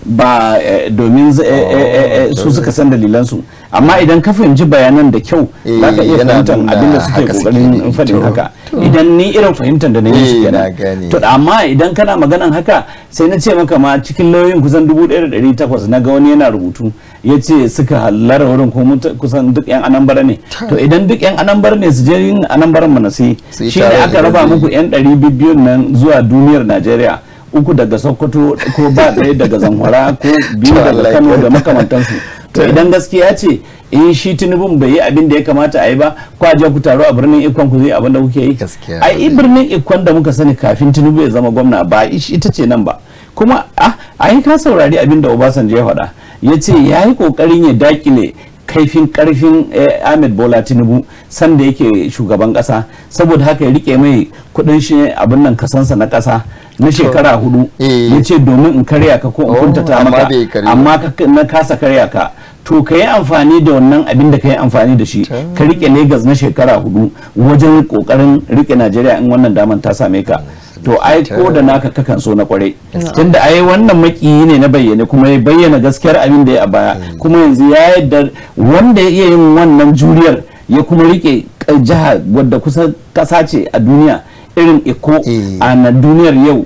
ba eh, domin eh, su suka san dalilansu amma idan ka fahimci bayanan da kyau za ka iya fahimtar abin da suke kokarin faɗin haka idan ni irin fahimtar da na yi shi kenan to amma idan kana maganan haka sai na ce maka ma cikin lauyoyin kusan 1800 na ga wani yana rubutu ya ce suka hallara wurin ko kusan duk yan anambra ne to idan duk yan anambra ne su je yin anambra na sai shi ne aka raba muku yan ɗari bibiyun nan zuwa duniyar najeriya uku daga sokoto ko ba ɗaya daga zamfara ko biyu daga kano da makamantansu to idan gaskiya ce in eh, shi tinubun bai yi abin da ya kamata a yi ba kwa je ku taro a birnin ikon ku zai abin da kuke yi ai birnin ikon da muka sani kafin tinubu ya zama gwamna ba ita ce nan ba kuma a ah, ai ka saurari abin da obasanjo ya faɗa ya ce ya yi ƙoƙarin ya dakile kaifin karfin eh, ahmed bola tinubu sanda yake shugaban kasa saboda haka ya rike mai kudin shi abin nan kasansa na kasa na shekara hudu eh. ya ce domin in karya ka ko in oh, kuntata maka amma na kasa karya ka to ka yi amfani da wannan abin da ka yi amfani da shi ka rike lagos na shekara hudu wajen kokarin rike najeriya in wannan daman ta same ka to ai ko da naka kakan so na kware tunda ai wannan makiyi ne na bayyane kuma ya bayyana gaskiyar abin da ya a baya mm. kuma yanzu ya yadda wanda ya iya yin wannan juriyar ya kuma rike eh, jiha wadda kusa kasa ce a duniya irin iko mm. a na duniyar yau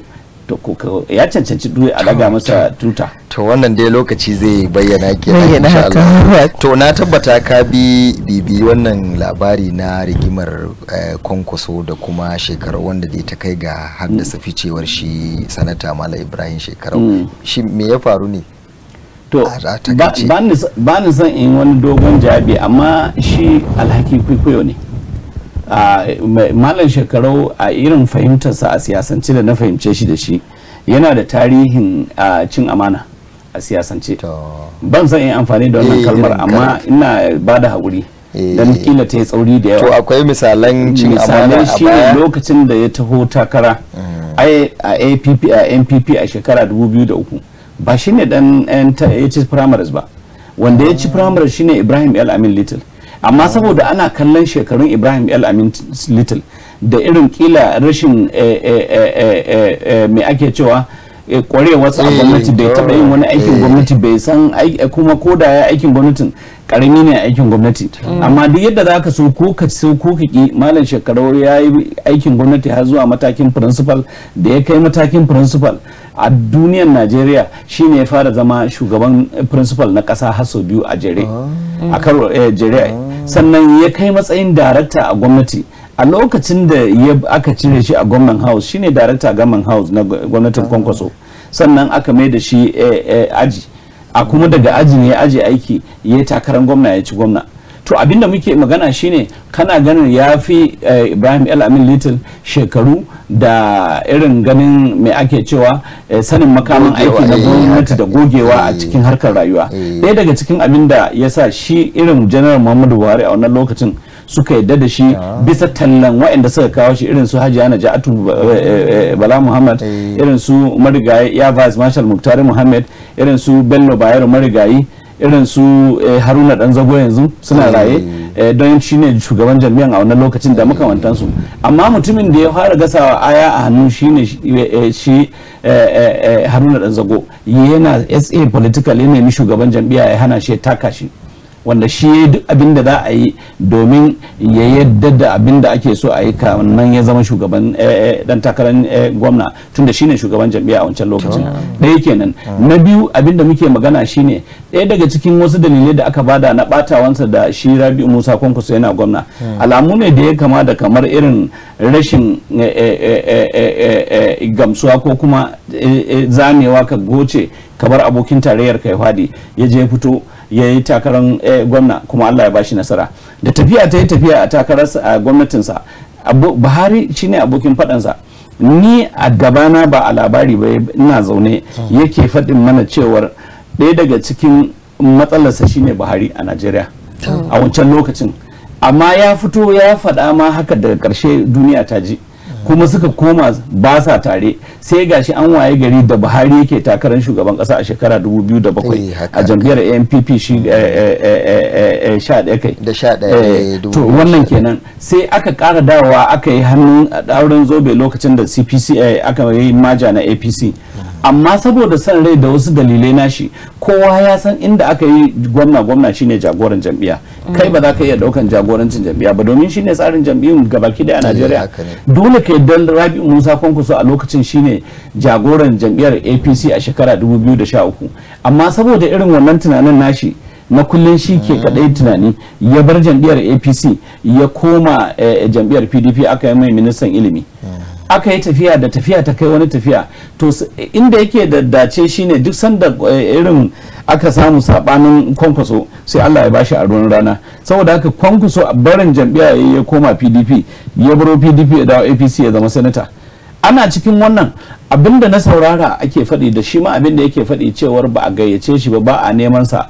to ko ya cancanci duwe a daga masa tuta to wannan dai lokaci zai bayyana ke to na tabbata ka bi bibi wannan labari na rigimar eh, kwankwaso da kuma shekaru wanda dai ta kai ga haddasa mm. ficewar shi sanata mala ibrahim shekaru mm. shi me ya faru ne to ba ni son in wani dogon jabi amma shi alhaki kwaikwayo ne malam shekarau a irin fahimtarsa a siyasance da na fahimce shi da shi yana da tarihin cin amana a siyasance ban san yin amfani da wannan eh, kalmar amma ina ba da haƙuri eh. don kila ta yi tsauri da yawa to akwai misalan cin amana a shi lokacin da ya taho takara mm. a app a npp a shekara 2003 ba shine dan eh, ya ci primaries ba wanda ya ci primaries shine ibrahim el amin little amma saboda ana kallon shekarun ibrahim el amin little da irin kila rashin eh, eh, eh, mai ake cewa kwarewarsa a gwamnati bai taba yin wani aikin gwamnati bai san kuma ko da ya aikin gwamnatin karami ne aikin gwamnati mm. amma duk yadda za ka so ko ka so ko ka ki malam shekarau ya yi aikin gwamnati har zuwa matakin principal da ya kai matakin principal a duniyar najeriya shine ya fara zama shugaban principal na kasa har sau biyu a jere ah. a karo jere ah. sannan ya kai matsayin darakta a gwamnati a lokacin da ya aka cire shi a gwamnan house shine darakta gwamnan house na gwamnatin kwankwaso sannan aka mai da shi eh, eh, aji a kuma daga aji ne ya aji aiki ya takarar gwamna ya ci gwamna to abinda muke magana shine kana ganin ya fi eh, ibrahim el amin little shekaru da irin ganin mai ake cewa eh, sanin makamin aiki na eh, gwamnati da gogewa a cikin harkar rayuwa daya daga cikin abin da ya sa shi irin janar muhammadu buhari a wannan lokacin suka yadda da shi ah. bisa tallan waɗanda suka kawo shi irin su hajiya na ja'atu bala muhammad irin su marigayi yavaz marshal muktari muhammad irin su bello bayero marigayi irin su eh, haruna dan zago yanzu suna eh. raye eh, don shi ne shugaban jami'an a wannan lokacin da makamantansu amma mutumin da ya fara gasawa aya a hannu shi ne shi haruna dan zago yana sa political yana yi shugaban jami'a ya hana shi ya taka shi wanda shi duk abin da za a yi domin ya yadda da abin da ake so a yi nan ya zama shugaban dan takarar gwamna tunda shine shugaban jami'a a wancan lokacin ɗaya kenan na biyu abin da muke magana shine ɗaya daga cikin wasu dalilai da aka bada na batawansa da shi rabi musa kwankwaso yana gwamna hmm. alamu ne da ya kama da kamar irin rashin eh, eh, eh, gamsuwa ko kuma zamewa ka goce kamar abokin tarayyar kai fadi ya je fito ya yi takarar gwamna kuma allah ya bashi nasara da tafiya ta yi tafiya a takarar gwamnatinsa buhari shi ne abokin faɗansa ni a gabana ba a labari ba ina zaune hmm. yake faɗin mana cewar ɗaya daga cikin matsalarsa shine buhari a najeriya a wancan lokacin amma ya fito ya faɗa ma haka daga ƙarshe duniya ta ji kuma suka koma ba sa tare sai gashi an waye gari da buhari yake takarar shugaban kasa a shekara 2007 eh, a jam'iyyar npp shi 11 eh, eh, kai to wannan kenan sai aka kara dawowa aka yi hannun a daurin zobe lokacin da cpc aka yi maja na apc amma saboda son rai da wasu dalilai nashi kowa ya san inda aka yi gwamna gwamna shine jagoran jam'iyya kai ba za ka iya daukan jagorancin jam'iyya ba domin shine tsarin jam'iyyun gabaki daya a Najeriya dole ka yadda Rabi Musa Kwankwaso a lokacin shine jagoran jam'iyyar APC a shekara 2013 amma saboda irin wannan tunanin nashi na kullum shi ke mm. kadai tunani ya bar jam'iyyar APC ya koma eh, jam'iyyar PDP aka yi mai ministan ilimi mm. aka yi tafiya da tafiya ta kai wani tafiya to inda yake da dace shine duk sanda eh, irin aka samu sabanin kwankwaso sai Allah ya bashi a ruwan rana saboda haka kwankwaso a barin jam'iyya ya koma PDP ya baro PDP ya dawo APC ya zama sanata ana cikin wannan abinda na saurara ake faɗi da shi ma abinda yake faɗi cewar ba a gayyace shi ba ba a neman sa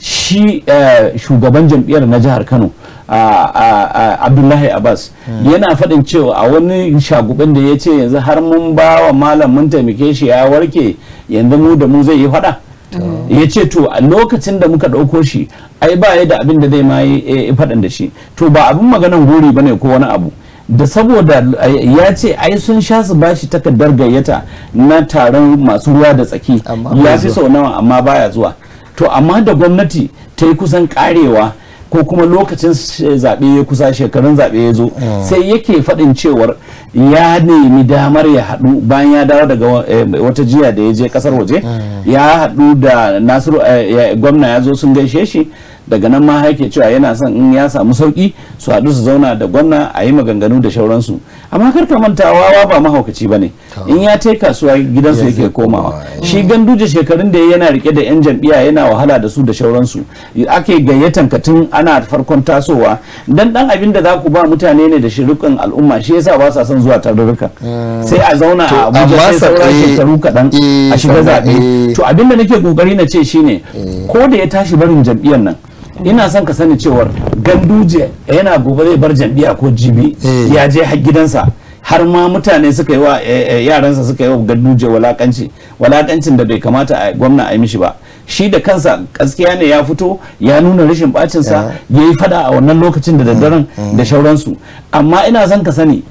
shi eh, shugaban jam'iyyar na jihar Kano abdullahi abbas hmm. yana faɗin cewa a wani shagubin da ya ce yanzu har mun ba wa malam mun taimake shi ya warke yanzu mu da mu zai yi faɗa hmm. ya ce to a lokacin da muka ɗauko shi ai ba ya da abin da zai ma yi eh, faɗin da shi to ba abin maganan gori ba ne ko wani abu da saboda eh, ya ce ai sun sha su bashi takardar gayyata na taron masu ruwa da tsaki ya fi sau nawa amma baya zuwa to amma da gwamnati ta yi kusan karewa ko kuma lokacin eh, zaɓe ya kusa shekarun zaɓe ya zo hmm. sai yake faɗin cewar ya nemi damar ya haɗu bayan ya dawo daga eh, wata jiya da ya je ƙasar waje hmm. ya haɗu da nasiru eh, gwamna ya zo sun gaishe shi daga nan ma haike cewa yana son in ya samu sauki su haɗu su zauna da gwamna a yi maganganu da shauransu amma kar ka manta wawa ba mahaukaci bane in ya tai kasuwa gidansu yake komawa eh. shi ganduje shekarun da yana rike da yan jam'iyya yana wahala da su da shauransu ake gayyatan katun ana farkon tasowa dan dan abin da za ku ba mutane ne da shirukan al'umma shi yasa ba sa son zuwa tarurruka eh. sai a zauna a Abuja sai sauran shekaru kaɗan a eh, shiga zaɓe to abin da nake kokari na ce shine ko da ya tashi barin jam'iyyan nan ina son ka sani cewar ganduje yana gobe zai bar jami'a ko jibi eh. ya je har gidansa har ma mutane suka yi wa eh, eh, yaransa suka yi wa ganduje walakanci walakancin da bai kamata a gwamna a yi mishi ba shi da kansa gaskiya ne ya fito ya nuna rashin bacin sa ya yi fada a wannan lokacin da daddaren da shauransu amma ina son ka sani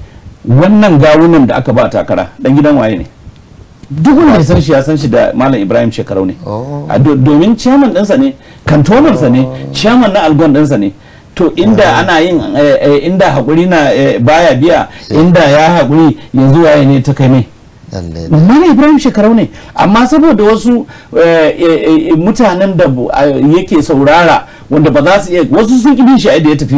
wannan gawunan da aka ba takara dan gidan waye ne duk wanda ya san shi ya san shi da malam ibrahim shekarau ne oh. domin chairman ɗinsa ne kantonarsa ne ciyaman na algon ɗinsa ne to inda ana yin eh, eh, inda haƙuri na eh, baya biya inda ya haƙuri yanzu waye ne ta kai mai Mani Ibrahim shekarau ne amma saboda wasu mutanen da yake saurara wanda ba za su iya wasu sun ƙi shi da ya tafi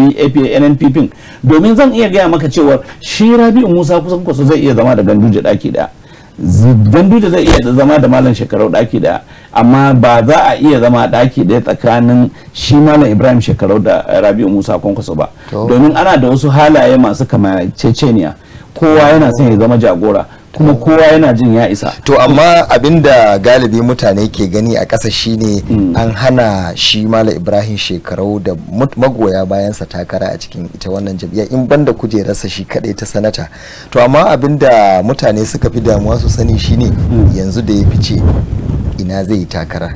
NNPP domin zan iya gaya maka cewa shi Rabi'u Musa kusan kwaso zai iya zama da ganduje ɗaki ɗaya. da zai iya zama da malam shekarau daki daya amma ba za a iya zama daki daya tsakanin shi malam ibrahim shekarau da rabi'u musa kwankwaso ba domin ana da wasu halaye masu kamanceceniya kowa yana son ya zama jagora kuma kowa yana jin ya isa to amma abinda galibi mutane ke gani a ƙasa shine hmm. an hana shi mala ibrahim shekarau da magoya bayansa takara a cikin ita wannan jam'iyya in banda kujerarsa shi kadai ta sanata to amma abinda mutane suka fi damuwa su sani shine hmm. yanzu da ya fice ina zai yi takara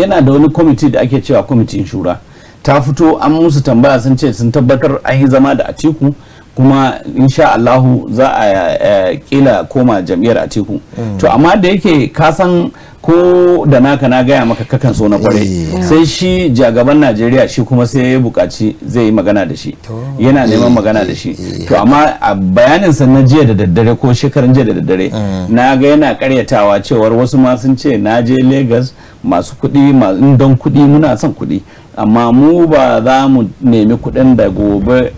yana da wani kwamiti da ake cewa kwamitin shura ta fito an musu tambaya sun ce sun tabbatar an yi zama da atiku kuma in sha Allahu za a kila koma jam'iyyar a teku mm. to amma da yake ka san ko da naka na gaya maka kakan so na kwarai eh, sai shi jagaban Najeriya shi kuma sai ya bukaci zai yi magana da shi yana neman magana da shi eh, eh. to amma a bayanin sa na jiya da daddare ko shekaran jiya da daddare mm. na ga yana karyatawa cewar wasu ma sun ce na je Lagos masu kuɗi don kuɗi muna son kuɗi amma mu ba za mu nemi kuɗin da gobe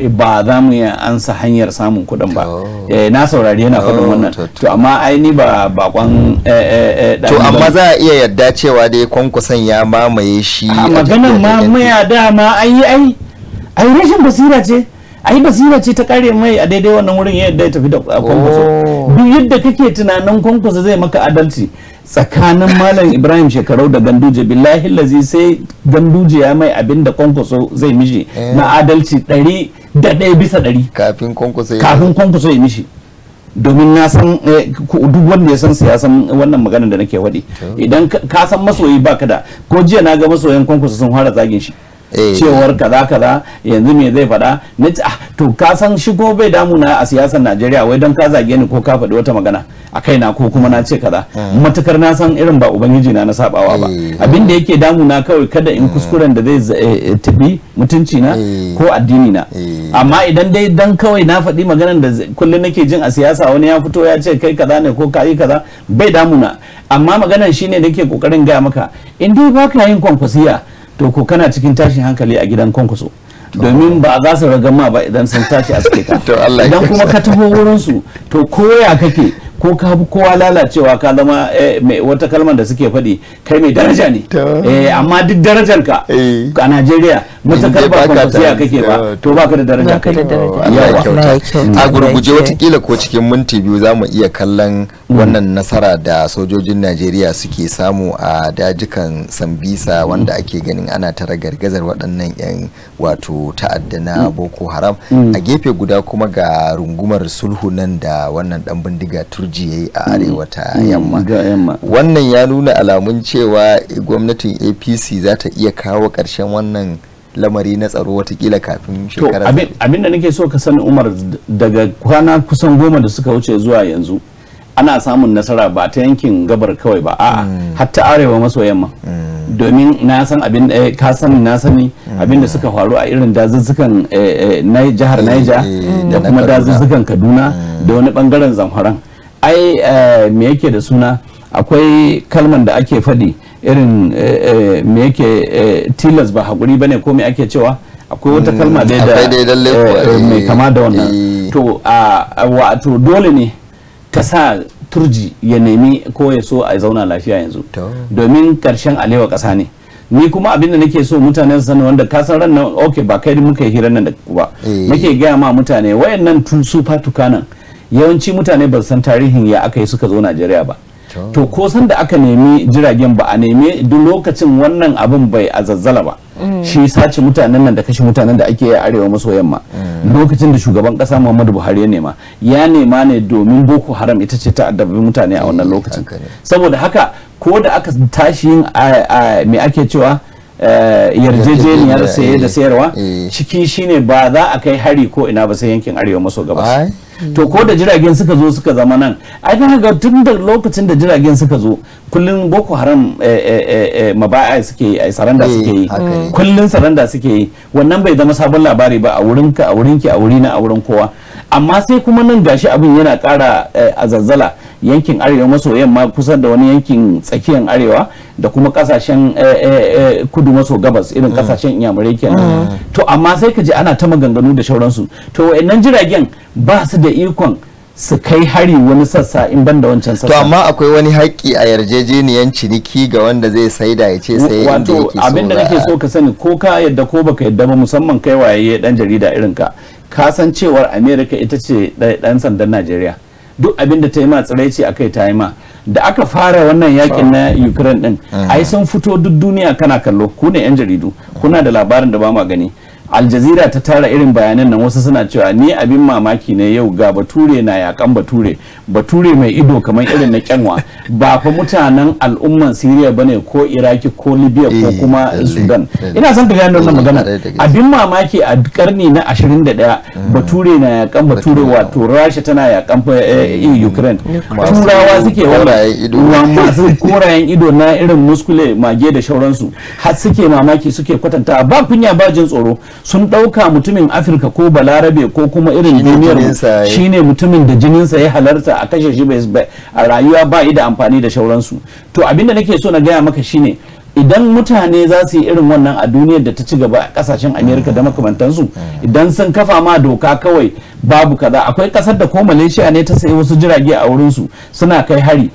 Eh, ba za mu yi ansa hanyar samun kuɗin ba oh. eh, na saurari yana oh, faɗin wannan to amma aini ba bakon eh, to amma za a iya yadda cewa dai kwankwason ya mamaye shi ah, a maganan mamaya dama ai ai ai rashin basira ce ai basira ce ta kare mai a daidai wannan wurin ya yadda ya tafi da kwankwaso oh. duk yadda kake tunanin kwankwaso zai maka adalci tsakanin malam ibrahim shekarau da ganduje billahi lazi sai ganduje ya mai abin da kwankwaso zai mishi na adalci ɗari da ɗaya bisa ɗari kafin kwankwaso ya mishi domin na san eh, duk wanda ya san siyasan wannan maganar da nake waɗi idan ka san masoyi baka da ko jiya na ga masoyan kwankwaso sun fara zagin shi eh. cewar kaza kaza yanzu me zai fada na ah, to ka san shigo bai damu na a siyasar Najeriya wai don ka zage ni ko ka faɗi wata magana a kaina ko kuma na ce kada. matukar na san irin ba ubangiji na na sabawa ba eh. abin da yake damu na kawai kada in eh. kuskuren da zai eh, tafi mutunci na ko addini na amma idan dai dan kawai na faɗi maganar da kullum nake jin a siyasa wani ya fito ya ce kai kaza ne ko kai kaza bai damu na amma maganar shine nake kokarin gaya maka in dai baka yin kwankwasiya to ko kana cikin tashin hankali a gidan kwankwaso domin ba za su ragama ba idan sun tashi a suke ka idan kuma ka taho wurinsu to koya kake ko ka bi kowa lalacewa ka zama eh, wata kalmar da suke faɗi kai mai daraja ne eh, amma duk darajar ka eh. a Najeriya matakar ba ka kake ba to ba ka da daraja kai a gurguje watakila ko cikin minti biyu za mu iya kallon mm. wannan nasara da sojojin Najeriya suke samu a dajikan Sambisa mm. wanda ake ganin ana tara gargazar waɗannan 'yan wato ta'adda na mm. Boko Haram a gefe guda kuma ga rungumar sulhu nan da wannan dan bindiga turji canji ya a arewa ta mm, mm, yamma wannan ya nuna alamun cewa gwamnatin apc za ta iya kawo ƙarshen wannan lamari na tsaro watakila kafin shekarar to abin da nake so ka sani umar daga kwana kusan goma da suka wuce zuwa yanzu ana samun nasara ba ta yankin gabar kawai ba a'a mm. hatta arewa maso yamma domin na san abin da eh, ka sani na sani abin da suka faru a irin dazuzzukan eh, eh, jihar Niger da kuma dazuzzukan Kaduna da wani bangaren Zamfaran ai eh, me yake da suna akwai kalman da ake faɗi irin eh, eh, me yake tilas ba haƙuri bane ko me ake cewa akwai wata kalma dai da mai kama da wannan to a wato dole ne ta sa turji ya nemi ko ya so a zauna lafiya yanzu domin karshen alewa ƙasa ne ni kuma abinda da nake so mutane su sani wanda kasan ran nan okay ba kai muka yi hirar nan da ba nake gaya ma mutane wayannan su fatuka nan yawanci mutane ba san tarihin ya aka yi suka zo najeriya ba to ko san da aka nemi jiragen ba a nemi duk lokacin wannan abin bai a zazzala ba mm. shi sace mutanen nan da kashe mutanen da ake a arewa maso yamma mm. lokacin da shugaban kasa muhammadu buhari ya nema ya nema ne domin boko haram ita ce ta addabi mutane a wannan lokacin saboda haka ko da aka tashi yin mai ake cewa Eh, yarjejeniyar eh, saye da sayarwa eh. ciki shine ba za a kai hari ko ina ba sai yankin arewa maso gabas to ko da jiragen suka zo suka zama nan ai ta ga tun da lokacin da jiragen suka zo kullun boko haram mabaya suke yi ai saranda suke yi kullun saranda suke yi wannan bai zama sabon labari ba a wurinka a wurin ki a na a wurin kowa amma sai kuma nan gashi abin yana kara a zazzala yankin arewa maso yamma kusan da wani yankin tsakiyar arewa da kuma kasashen eh, eh, eh, kudu maso gabas irin mm. kasashen inyamurai kenan mm. to amma sai ka ji ana ta maganganu da sauransu to wayannan jiragen ba su da ikon su kai hari wani sassa in ban da wancan sassa. To amma akwai wani haƙƙi a yarjejeniyan ciniki ga wanda zai saida ya ce sai inda yake so. abin da nake so ka sani ko ka yadda ko baka yadda ba musamman kai waye dan jarida irin ka ka san cewar America ita ce dan sandan Najeriya. duk abin da ta yi ma tsirai ce akai ta yi ma da aka fara wannan yakin na ukraine din ah. ai sun fito duk duniya kana kallo ku ne yan jaridu kuna da labarin da ba ma gani aljazira ta tara irin bayanan nan wasu suna cewa ni abin mamaki ne yau ga bature na yakan bature bature mai ido kamar irin na kyanwa ba fa mutanen al'umman siriya bane ko iraki ko libya ko eh, kuma sudan ina son ka gano wannan eh, magana abin mamaki a karni na 21 mm. bature na yakan bature wato rasha tana yakan eh, mm. ukraine turawa suke wanda masu korayen ido na irin muskule mage da shauransu har suke mamaki suke kwatanta ba kunya ba jin tsoro sun ɗauka mutumin afirka ko balarabe ko kuma irin duniyar shine mutumin da jininsa ya halarta a kashe shi a rayuwa ba da amfani da shauransu to abinda nake so na gaya maka shine idan mutane za su yi irin wannan a duniyar da ta ci gaba a kasashen amerika da makamantansu idan sun kafa ma doka kawai babu kaza akwai kasar da ko malaysia ne ta sayi wasu jirage a wurinsu suna kai hari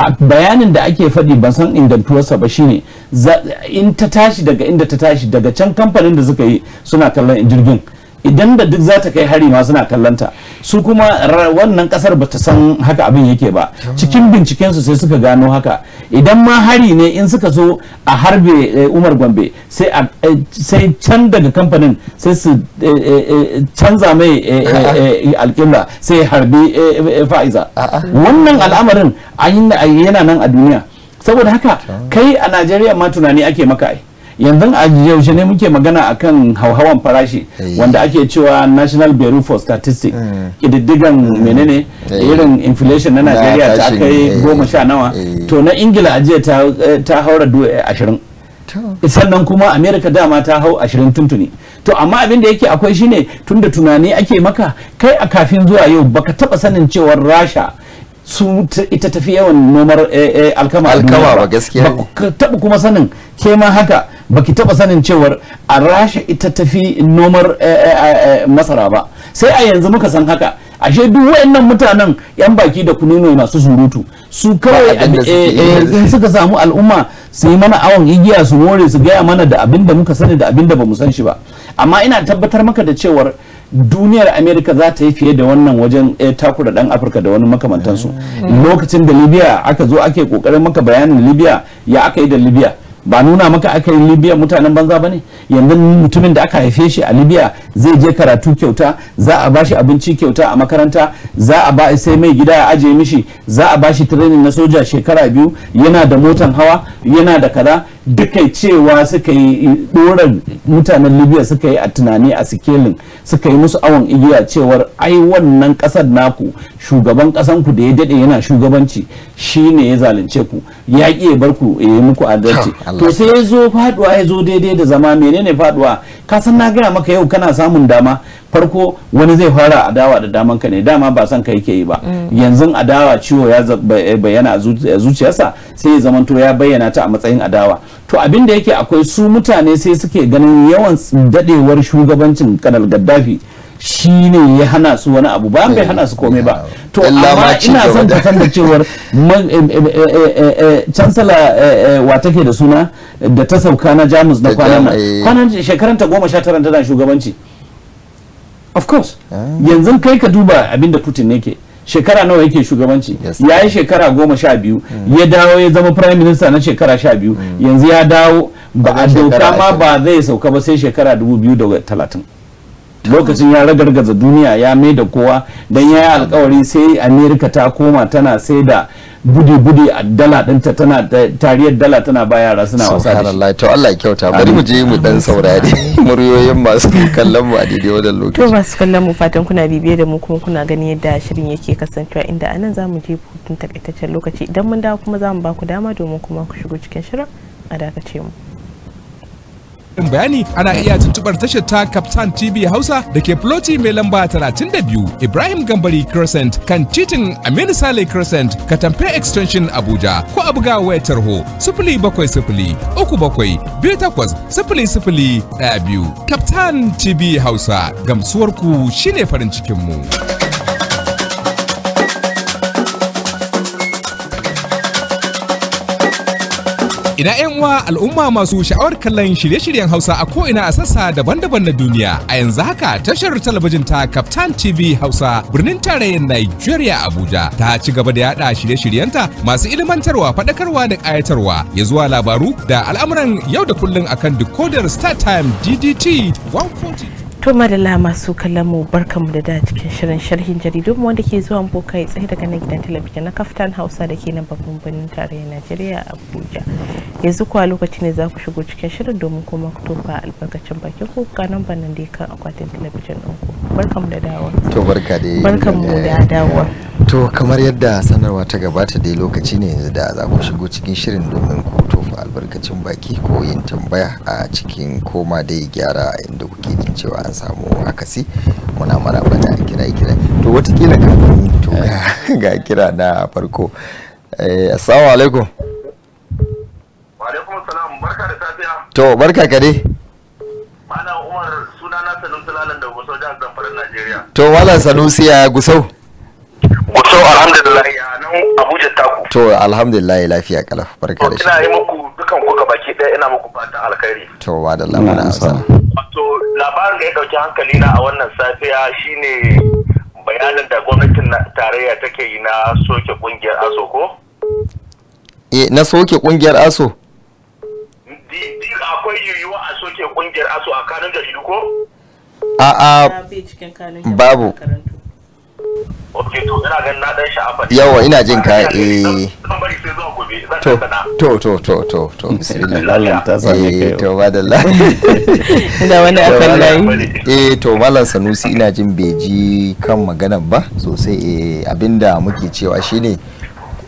a bayanin da ake faɗi ban san ingantuwarsa ba shine in ta tashi daga inda ta tashi daga can kamfanin da suka yi suna kallon jirgin idan da duk za ta kai hari ma suna kallonta su kuma wannan kasar ba ta san haka abin yake ba cikin bincikensu sai suka gano haka idan ma hari ne in suka zo a harbe eh, umar gombe eh, sai can daga kamfanin sai su eh, canza mai alƙibla sai harbe fa'iza wannan al'amarin a yana nan a duniya saboda haka kai a najeriya ma tunani ake maka ai yanzu a yaushe ne muke magana akan hauhawan farashi eh. wanda ake cewa national bureau for statistics hmm. ƙididdigan hmm. menene eh. irin inflation na Nigeria ta kai goma sha nawa eh. to na ingila ajiya ta haura ashirin sannan kuma america dama ta hau ashirin tuntuni to amma abin da yake akwai shine tunda tunani ake maka kai a kafin zuwa yau baka taba sanin cewar rasha su ita tafi yawan nomar alkama alkama ba gaskiya ba taba kuma sanin ke ma haka baki taba sanin cewar a rasha ita tafi nomar eh, eh, eh, masara ba sai a yanzu muka san haka ashe duk wayannan mutanen yan baki da ne masu surutu su kawai suka samu al'umma su yi mana awon igiya su more su gaya mana da abin muka sani da abinda da bamu san shi ba amma ina tabbatar maka da cewar duniyar amerika za ta yi fiye da wannan wajen takura dan afirka da wani makamantansu mm. lokacin da libya aka zo ake kokarin maka bayanin libya ya aka yi da libya ba nuna maka aka yi libya mutanen banza ba ne yanzu mutumin da aka haife shi a libya zai je karatu kyauta za a bashi abinci kyauta a makaranta za a ba sai mai gida ya ajiye mishi za a bashi training na soja shekara biyu yana da motan hawa yana da kaza duka cewa suka yi doran mutanen libya suka yi a tunani a sikelin suka yi musu awon igiya cewar ai wannan kasar naku shugaban kasanku da ya dade yana shugabanci shi ne ya zalunce ku ya ya bar ku ya yi muku adalci to sai ya zo faduwa ya zo daidai da zama menene faduwa ka san na gaya maka yau kana samun dama farko wani zai fara adawa da daman ka ne dama ba san ka yake yi ba mm. yanzu adawa ciwo ya eh, bayyana a zuciyarsa sai ya zamanto ya bayyana ta a matsayin adawa to abin da yake akwai su mutane sai suke ganin yawan dadewar shugabancin kanal gaddafi shi ne ya hana su wani abu ba bai eh, hana su komai ba eh, to amma ina son ka san da cewar eh, chancellor wa take da suna da ta sauka na jamus na kwanan nan kwanan shekaran ta goma sha tara tana shugabanci of course ah. yanzu kai ka duba abinda putin ne ke. shekara nawa yake shugabanci ya yi shekara goma sha biyu hmm. ya dawo ya zama prime minister na shekara sha biyu hmm. yanzu ya dawo ba a doka ma ba zai sauka ba sai shekara dubu biyu da talatin lokacin ya ragargaza duniya ya mai da kowa don ya yi alkawari sai amerika ta koma tana sai da budi-budi a dala ɗinta tana tariyar dala tana ba yara suna wasa da shi. to Allah kyauta bari mu je mu dan saurari muryoyin masu kallon mu a daidai wannan lokaci. To masu kallon mu fatan kuna bibiye da mu kuma kuna gani yadda shirin yake kasancewa inda a anan zamu je hutun takaitaccen lokaci idan mun dawo kuma zamu ba ku dama domin kuma ku shigo cikin shirin a dakace mu. daɗin bayani ana iya tuntuɓar tashar ta Captain TV Hausa da ke Ploti mai lamba 32 Ibrahim Gambari Crescent kan titin Aminu Sale Crescent Katamfe Extension Abuja ko a buga wayar tarho 070 37 biyu Captain TV Hausa gamsuwar ku shine farin cikin mu. Ina 'yan uwa al'umma masu sha'awar kallon shirye-shiryen Hausa a ko'ina a sassa daban-daban na duniya. A yanzu haka tashar talabijin ta Captain TV Hausa birnin tarayyar Nigeria Abuja ta ci gaba da yada shirye-shiryenta masu ilmantarwa, faɗakarwa da ƙayatarwa ya zuwa labaru da al'amuran yau da kullun akan decoder Star Time DDT 140. to madalla masu kallon mu barkamu da da cikin shirin sharhin jaridun wanda ke zuwa mu kai tsaye daga nan gidan talabijin na kaftan hausa da ke nan babban birnin tarayyar najeriya abuja yanzu kuwa lokaci ne za ku shigo cikin shirin domin kuma ku tofa albarkacin bakin ku ka nan nan da kan akwatin talabijin din ku barkamu da dawowa to barka da barkamu da dawowa to kamar yadda sanarwa ta gabata dai lokaci ne yanzu da za ku shigo cikin shirin domin ku tofa albarkacin baki ko yin tambaya a cikin koma dai gyara inda kuke jin cewa an samu akasi muna maraba a kira kira to watakila kafin to ga kira na farko eh, assalamu alaikum wa alaikum salam barka da safiya to barka ka dai mana umar suna na sanusi lalan da gusau jihar zamfara najeriya to wala sanusi ya gusau gusau alhamdulillah ya nan abuja taku to alhamdulillah lafiya kalaf barka da shi ina yi muku baki ɗaya ina muku fatan alkhairi to wa da lamarin asala wato labarin da ya ɗauki hankali na a wannan safiya shine bayanin da gwamnatin tarayya take yi na soke kungiyar aso ko eh na soke kungiyar aso akwai yiwuwa a soke kungiyar aso a kanun jaridu ko a'a babu ok to ina gan na dan sha'afa yawa ina jin ka eh to to to to to to bismillah ta eh, sanya kai to ba da Allah. ina wani akan layi eh to mallam sanusi ina jin beji kan maganar ba sosai eh abinda muke cewa shine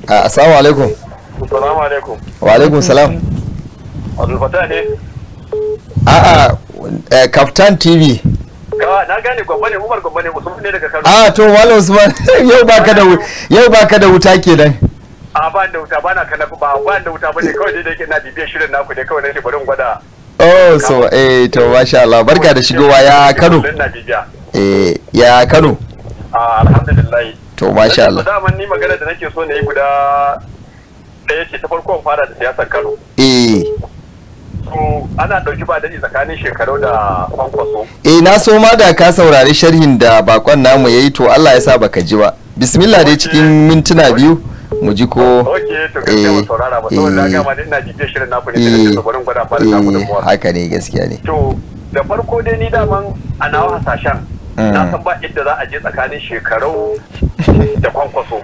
assalamu alaikum assalamu alaikum wa alaikum salam abdul fatah ne a'a eh, kaftan tv na gane gwabba ne umar gwabba ne usman ne daga kano a ah, to wala usman yau ba ka yau baka da wuta kenan a ba da wuta ba na kana ba ba da wuta bane kawai dai yake na bibiyar shirin naku ne kawai nake bari in gwada oh so eh to masha Allah barka da shigowa ya Kano eh ya Kano alhamdulillah to masha Allah da ni magana da nake so ne guda ɗaya ce ta farko fara da siyasar Kano eh ana ɗauki ba daɗi tsakanin shekaru da kwankwaso. eh na so ma da ka saurari sharhin da bakon namu ya yi to Allah ya sa baka ji ba bismillah dai cikin mintuna biyu mu ji ko eh, da eh. shirin na gwada eh, haka ne gaskiya ne to da farko dai ni daman a nawa hasashen na san ba inda za a je tsakanin shekaru da kwankwaso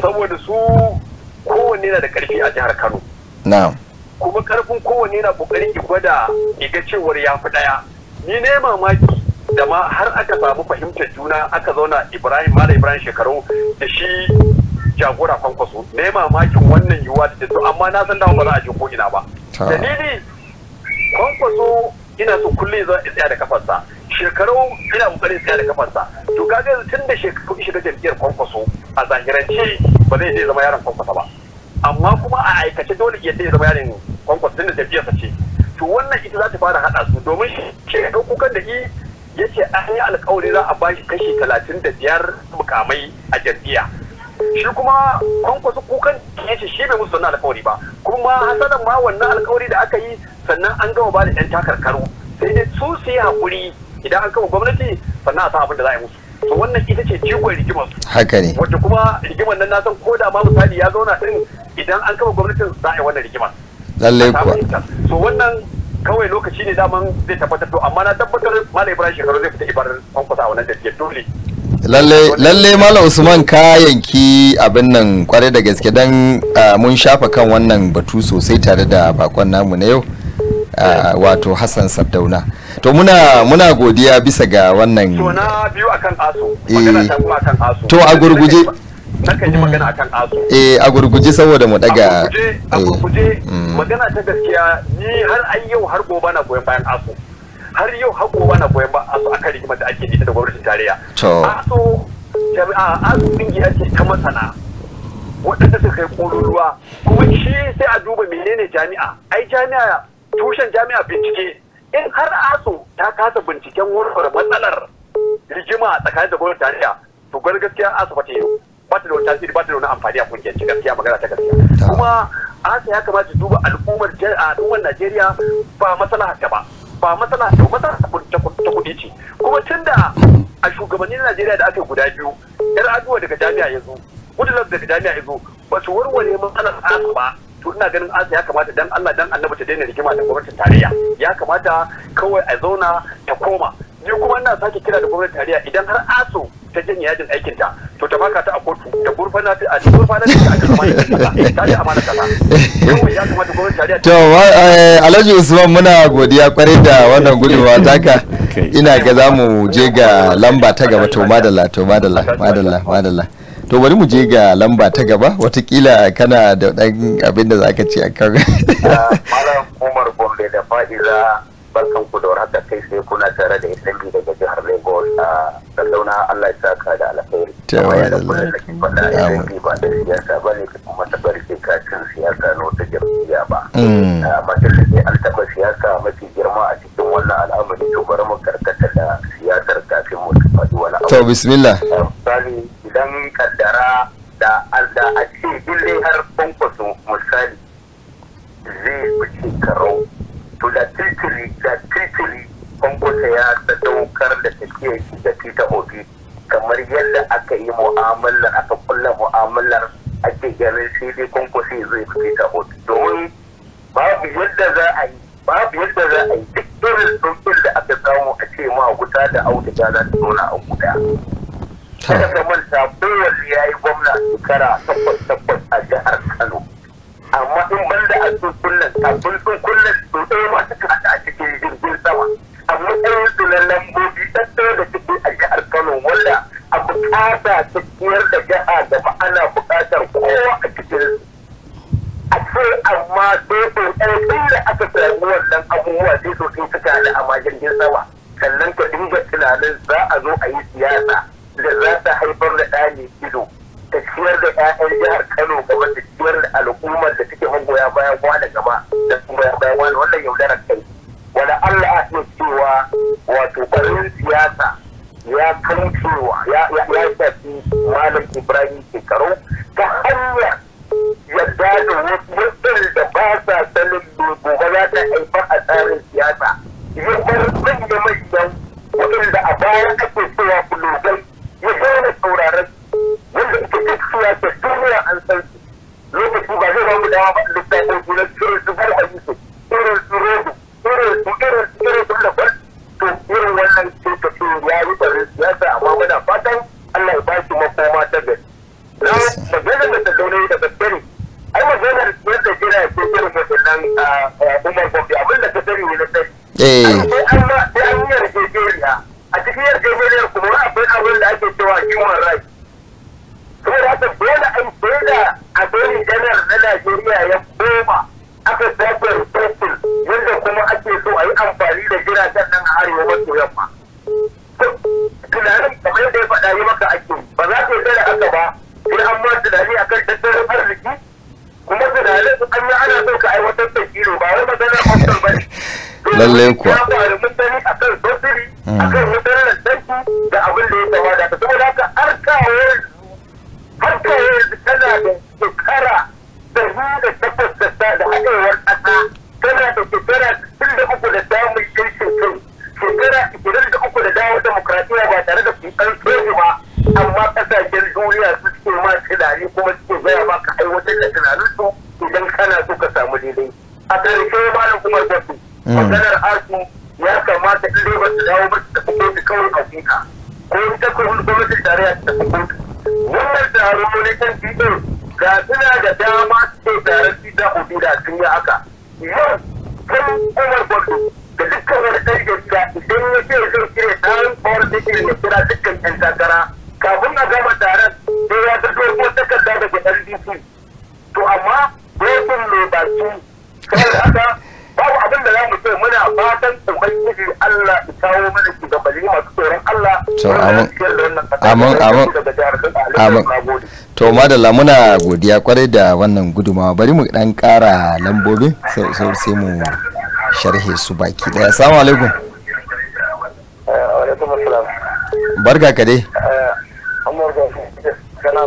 saboda su kowanne na da karfi a jihar kano na'am kuma karfin kowanne na kokarin ya gwada ga cewar ya fi daya ni ne mamaki da ma har aka samu fahimtar juna aka zauna ibrahim mara ibrahim shekaru da shi jagora kwankwaso ne mamakin wannan yiwuwa da to amma na san dawo ba za a je ko ba dalili kwankwaso ina so kullum zan tsaya da kafarsa shekaru ina kokarin tsaya da kafarsa to kaga tun da shekaru shiga jam'iyyar kwankwaso a zahirance ba zai zama yaron kwankwaso ba amma kuma a aikace dole yadda ya zama yaron kwankwas din da sa ce to wannan ita za ta fara hada su domin shi kukan da yi ya ce an yi alkawari za a ba shi kashi talatin da biyar mukamai a jam'iyya shi kuma kwankwas kukan ya ce shi bai musu wannan alkawari ba kuma hasanan ma wannan alkawari da aka yi sannan an gama ba da yan takarkaru sai dai su su yi haƙuri idan an kama gwamnati sannan a sa abin da za a yi musu to wannan ita ce jigon rigimar su haka ne wacce kuma rigimar nan na san ko da ma misali ya zauna din idan an kama gwamnatin za a yi wannan rigimar lallai kuwa so wannan kawai lokaci ne daman zai na tabbatar malam ibrahim shekaru lalle malam usman ka yanki abin nan kwarai da gaske dan mun shafa kan wannan batu sosai tare da bakon namu na yau wato hassan sardauna to muna godiya bisa ga wannan to eh. to a gurguje nakan yi magana akan asu eh a gurguje saboda mu daga a gurguje eh. mm. magana ta gaskiya ni har an yau har gobe na goyon bayan asu har yau har gobe na goyon ba asu akan rigimar da ake nita da gwamnatin tarayya asu jami'a asu kungiya ce ta masana waɗanda suka kai ƙololuwa kuma shi sai a duba menene jami'a ai jami'a tushen jami'a bincike in har asu ta kasa binciken warware matsalar rigima tsakanin da gwamnatin tarayya to gwamnatin gaskiya asu ba ta yi ba ta da wani tasiri ba da wani amfani a kungiyar ci gaskiya magana ta gaskiya kuma a haka ya kamata duba al'ummar al'ummar Najeriya ba maslaha ta ba ba matsala ta matsala ta kuɗi ce kuma tun da a shugabannin Najeriya da aka guda biyu yar aduwa daga jami'a ya zo gudunar daga jami'a ya zo ba su warware matsalar ba to ina ganin asa ya kamata dan Allah dan Annabi ta daina rigima da gwamnatin tarayya ya kamata kawai a zauna ta koma ni kuma ina sake kira da gwamnatin tarayya idan har aso ta janye yajin aikin ta to ta baka ta a kotu ta gurfana ta a gurfana ta a kan amana ta ta amana ta kawai ya kamata gwamnatin tarayya to eh, Alhaji Usman muna godiya kwarai da wannan gudunmawa taka ina ga za mu je ga lamba ta gaba to madalla to madalla madalla madalla to bari mu je ga lamba ta gaba watakila kana da dan abin da ka ce akan ah, malam Umar Gombe da Fa'iza barkan ku da warhaka kai sai kuna tare da Islami daga jihar Lagos a ah, Kaduna Allah ya saka da alheri ta waya da kuma da Islami ba da siyasa ba ne kuma ta ka cin siyasa na wata jam'iyya ba mm. ah, mace sai an taba siyasa mafi girma a cikin wannan al'amari to bari mu karkata da siyasar kafin mu faɗi wani abu to bismillah da a ce in har kwankwaso misali zai fi karo to da titiri da titiri kwankwaso ya sadaukar da ke shi da fita obi kamar yadda aka yi mu'amalar aka kulla mu'amalar ake ganin sai dai kwankwaso zai fice ta obi domin babu yadda za a yi babu yadda za a yi duk irin tsuntsun da aka samu a ce ma wuta da auduga za ta nuna a guda. Kada ka manta kowanne ya yi gwamna shekara Najeriya ya koma aka sake rufofin yadda kuma ake so a yi amfani da jiragen nan a arewa maso yamma. Tunanin kamar yadda ya faɗa yi maka ake ba za ka yi da haka ba sai an ma tunani akan tattalin arziki kuma tunanin an yi ana so ka aiwatar da shi ba wai maganar ofisar ba ne. Lallai kuwa. Ya faru mun sani akan sosiri akan mm. wutar lantarki da abin da ya tawada saboda haka har kawo tana da shekara ɗari da takwas da haɗewar ƙasa tana da shekara tun da da kai da da dawo demokradiyya ba tare da kuɗin soji ba amma ƙasashen duniya su ma tunani kuma suke gaya ka aiwatar da tunaninsu idan kana so samu daidai a ƙarshe kuma umar maganar asu ya kamata in dai dawo ba su tafi kotu kawai a fika tafi kotu ga suna da dama suke taron tita hudu da sun yi haka yau kan umar gwado da dukkan wani ɗan gaskiya idan ya ce zai kire ɗan kawar da ke da kira dukkan ɗan takara kafin a gama taron sai ya ta dogo takarda daga ndc to amma gwamnan mai baki sai haka babu abin da za mu ce muna fatan ubangiji Allah ya kawo mana shugabanni masu tsoron Allah to amin amin amin amin to madalla muna godiya kwarai da wannan gudumawa bari mu dan kara lambobi sai mu sharhe su baki daya assalamu alaikum eh, barka ka eh, kana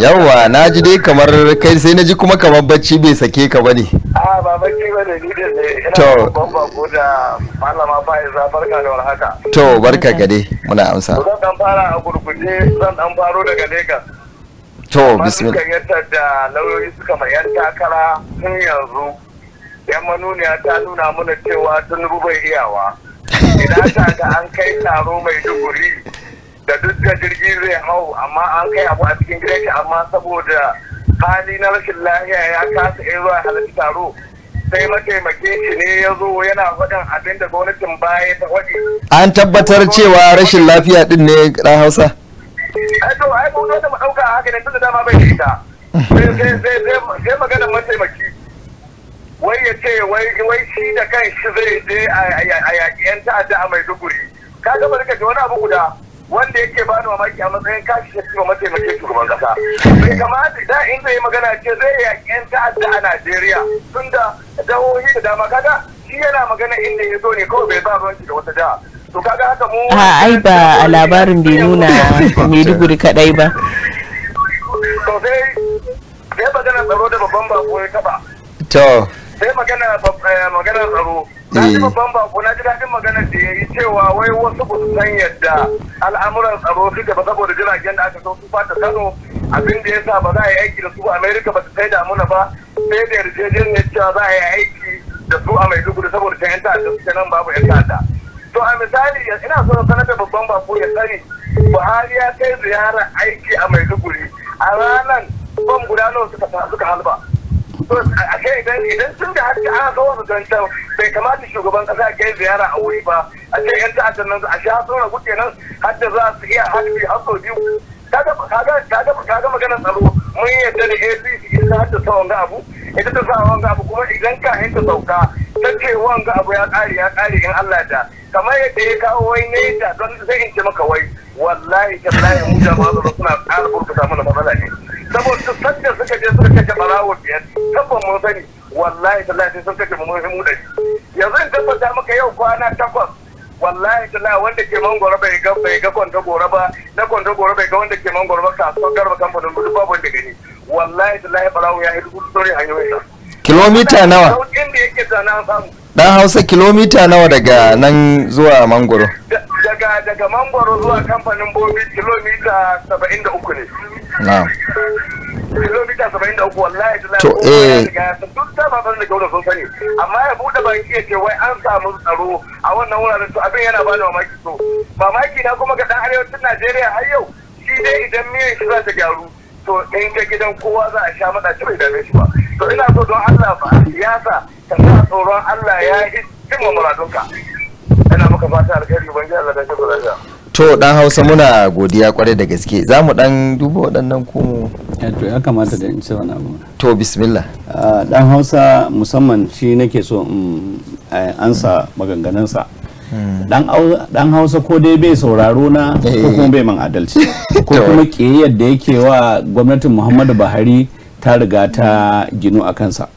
yawa na ji dai kamar kai sai na ji kuma kamar bacci bai sake ka bane ba bacci da to barka to barka gade muna amsa to bismillah yadda lauyoyi suka ma yan takara tun yanzu yan manuniya ta nuna mana cewa tun rubai iyawa idan ta ga an kai taro mai duguri da duk da jirgin zai hau amma an kai abu a cikin gidan shi amma saboda hali na rashin lahiya ya kasa in zuwa halarci taro sai mataimakin shi ne ya zo yana faɗin abin da gwamnatin baya ta waje. an tabbatar cewa rashin lafiya din ne ɗan hausa. to ai mu da mu ɗauka haka ne da dama bai da ita sai magana mataimaki wai ya ce wai shi da kan shi zai je a yaƙi 'yan ta'adda a maiduguri ka gaba rika wani abu guda wanda yake ba ni mamaki a matsayin kashi na cikin mataimakin shugaban kasa bai kamata da in zai magana ce zai yaƙi yan ta'adda a najeriya tunda jihohi da dama kaga shi yana magana inda ya zo ne kawai bai ba shi da wata jiha to kaga haka mu a ai ba a labarin bai nuna maiduguri kadai ba to sai sai magana tsaro da babban bako ya taba to sai magana eh, magana tsaro na ji eh. babban bako na ji daɗin maganar da ya yi cewa wai wasu ba su san yadda al'amuran tsaro suke ba saboda jiragen da aka su fata kano abin da ya sa ba za a yi aiki da su amerika ba su sai damuna ba sai da yarjejeniyar cewa za a yi aiki da su a maiduguri saboda can yan ta'adda suke nan babu yan ta'adda to a misali ina so na sanar da babban bako ya sani buhari ya kai ziyarar aiki a maiduguri a ranar ban guda nawa suka halba idan sun da haske ana zuwa mutuntar bai kamata shugaban kasa ya kai ziyara a wuri ba a ce yan ta'addan nan a sha sun ragu kenan har da za su iya haske har sau biyu kaga maganar tsaro mun yadda da APC ita har da sa abu ita ta sa wanga abu kuma idan ka hinta sauka ta ce wanga abu ya kare ya kare in Allah da kamar yadda ya kawo wai ne da don zai in ce maka wai wallahi tallahi mu jama'a suna ƙara burkuta mana matsala ne saboda duk da suka je suka kashe barawo biyar tabbas mun sani wallahi tallahi sai sun kashe mun mu dari yanzu in tabbata maka yau kwana takwas wallahi tallahi wanda ke mangoro bai ga bai ga kwanta gora ba na kwanta gora bai ga wanda ke mangoro ba kasuwar garba kamfanin gudu babu wanda gani wallahi tallahi barawo ya yi dubu tsore hanyoyin kilomita nawa sauƙin da yake da na samu dan hausa kilomita nawa daga nan zuwa mangoro daga daga mangoro zuwa kamfanin bobi kilomita 73 ne na'am kilomita 73 wallahi to eh duk da ba da gaura sun sani amma ya bude ban iya ce wai an samu tsaro a wannan wuraren to abin yana bani mamaki so mamaki na kuma ga dan arewacin Najeriya har yau shi dai idan miyan shi za ta gyaru to in ka gidan kowa za a sha mata ci bai dame shi ba to ina so don Allah ba siyasa ta sa tsoron Allah ya yi cimma muradunka ina maka fata alkhairi ban ji Allah da shi da to dan hausa muna godiya kwarai da gaske za mu dan duba waɗannan kumu eh, to ya kamata da in ce wani abu to bismillah dan ah, hausa musamman shi nake so in eh, ansa maganganunsa dan hmm. hausa ko dai bai sauraro na ko eh. kuma bai man adalci ko kuma ke da yake wa gwamnatin muhammadu buhari ta riga ta ginu a kansa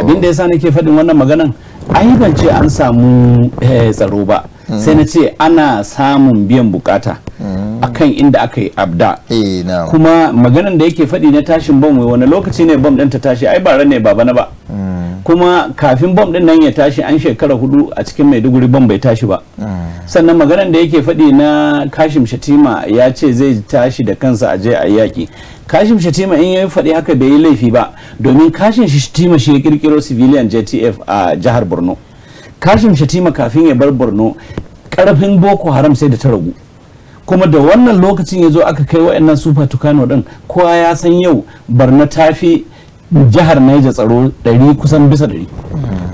abin da ya sa nake faɗin wannan maganan ai ban ce an samu eh, tsaro ba mm. sai na ce ana samun biyan bukata mm. kan inda aka yi abda eh, kuma maganan da yake faɗi na tashin bom wani lokaci ne bom ɗin ta tashi ai ba ne ba bana hmm. ba kuma kafin bom ɗin nan ya tashi an shekara hudu a cikin maiduguri bom bai tashi ba hmm. sannan maganan da yake faɗi na kashim shatima ya ce zai tashi da kansa a je a yaƙi kashim shatima in ya faɗi haka bai yi laifi ba domin kashim shatima shi ya kirkiro civilian jtf a jihar borno kashim shatima kafin ya bar borno karfin boko haram sai da ta ragu kuma da wannan lokacin ya zo aka kai wa'annan sufa tukano din kowa ya san yau barna tafi jihar Niger tsaro ɗari kusan bisa ɗari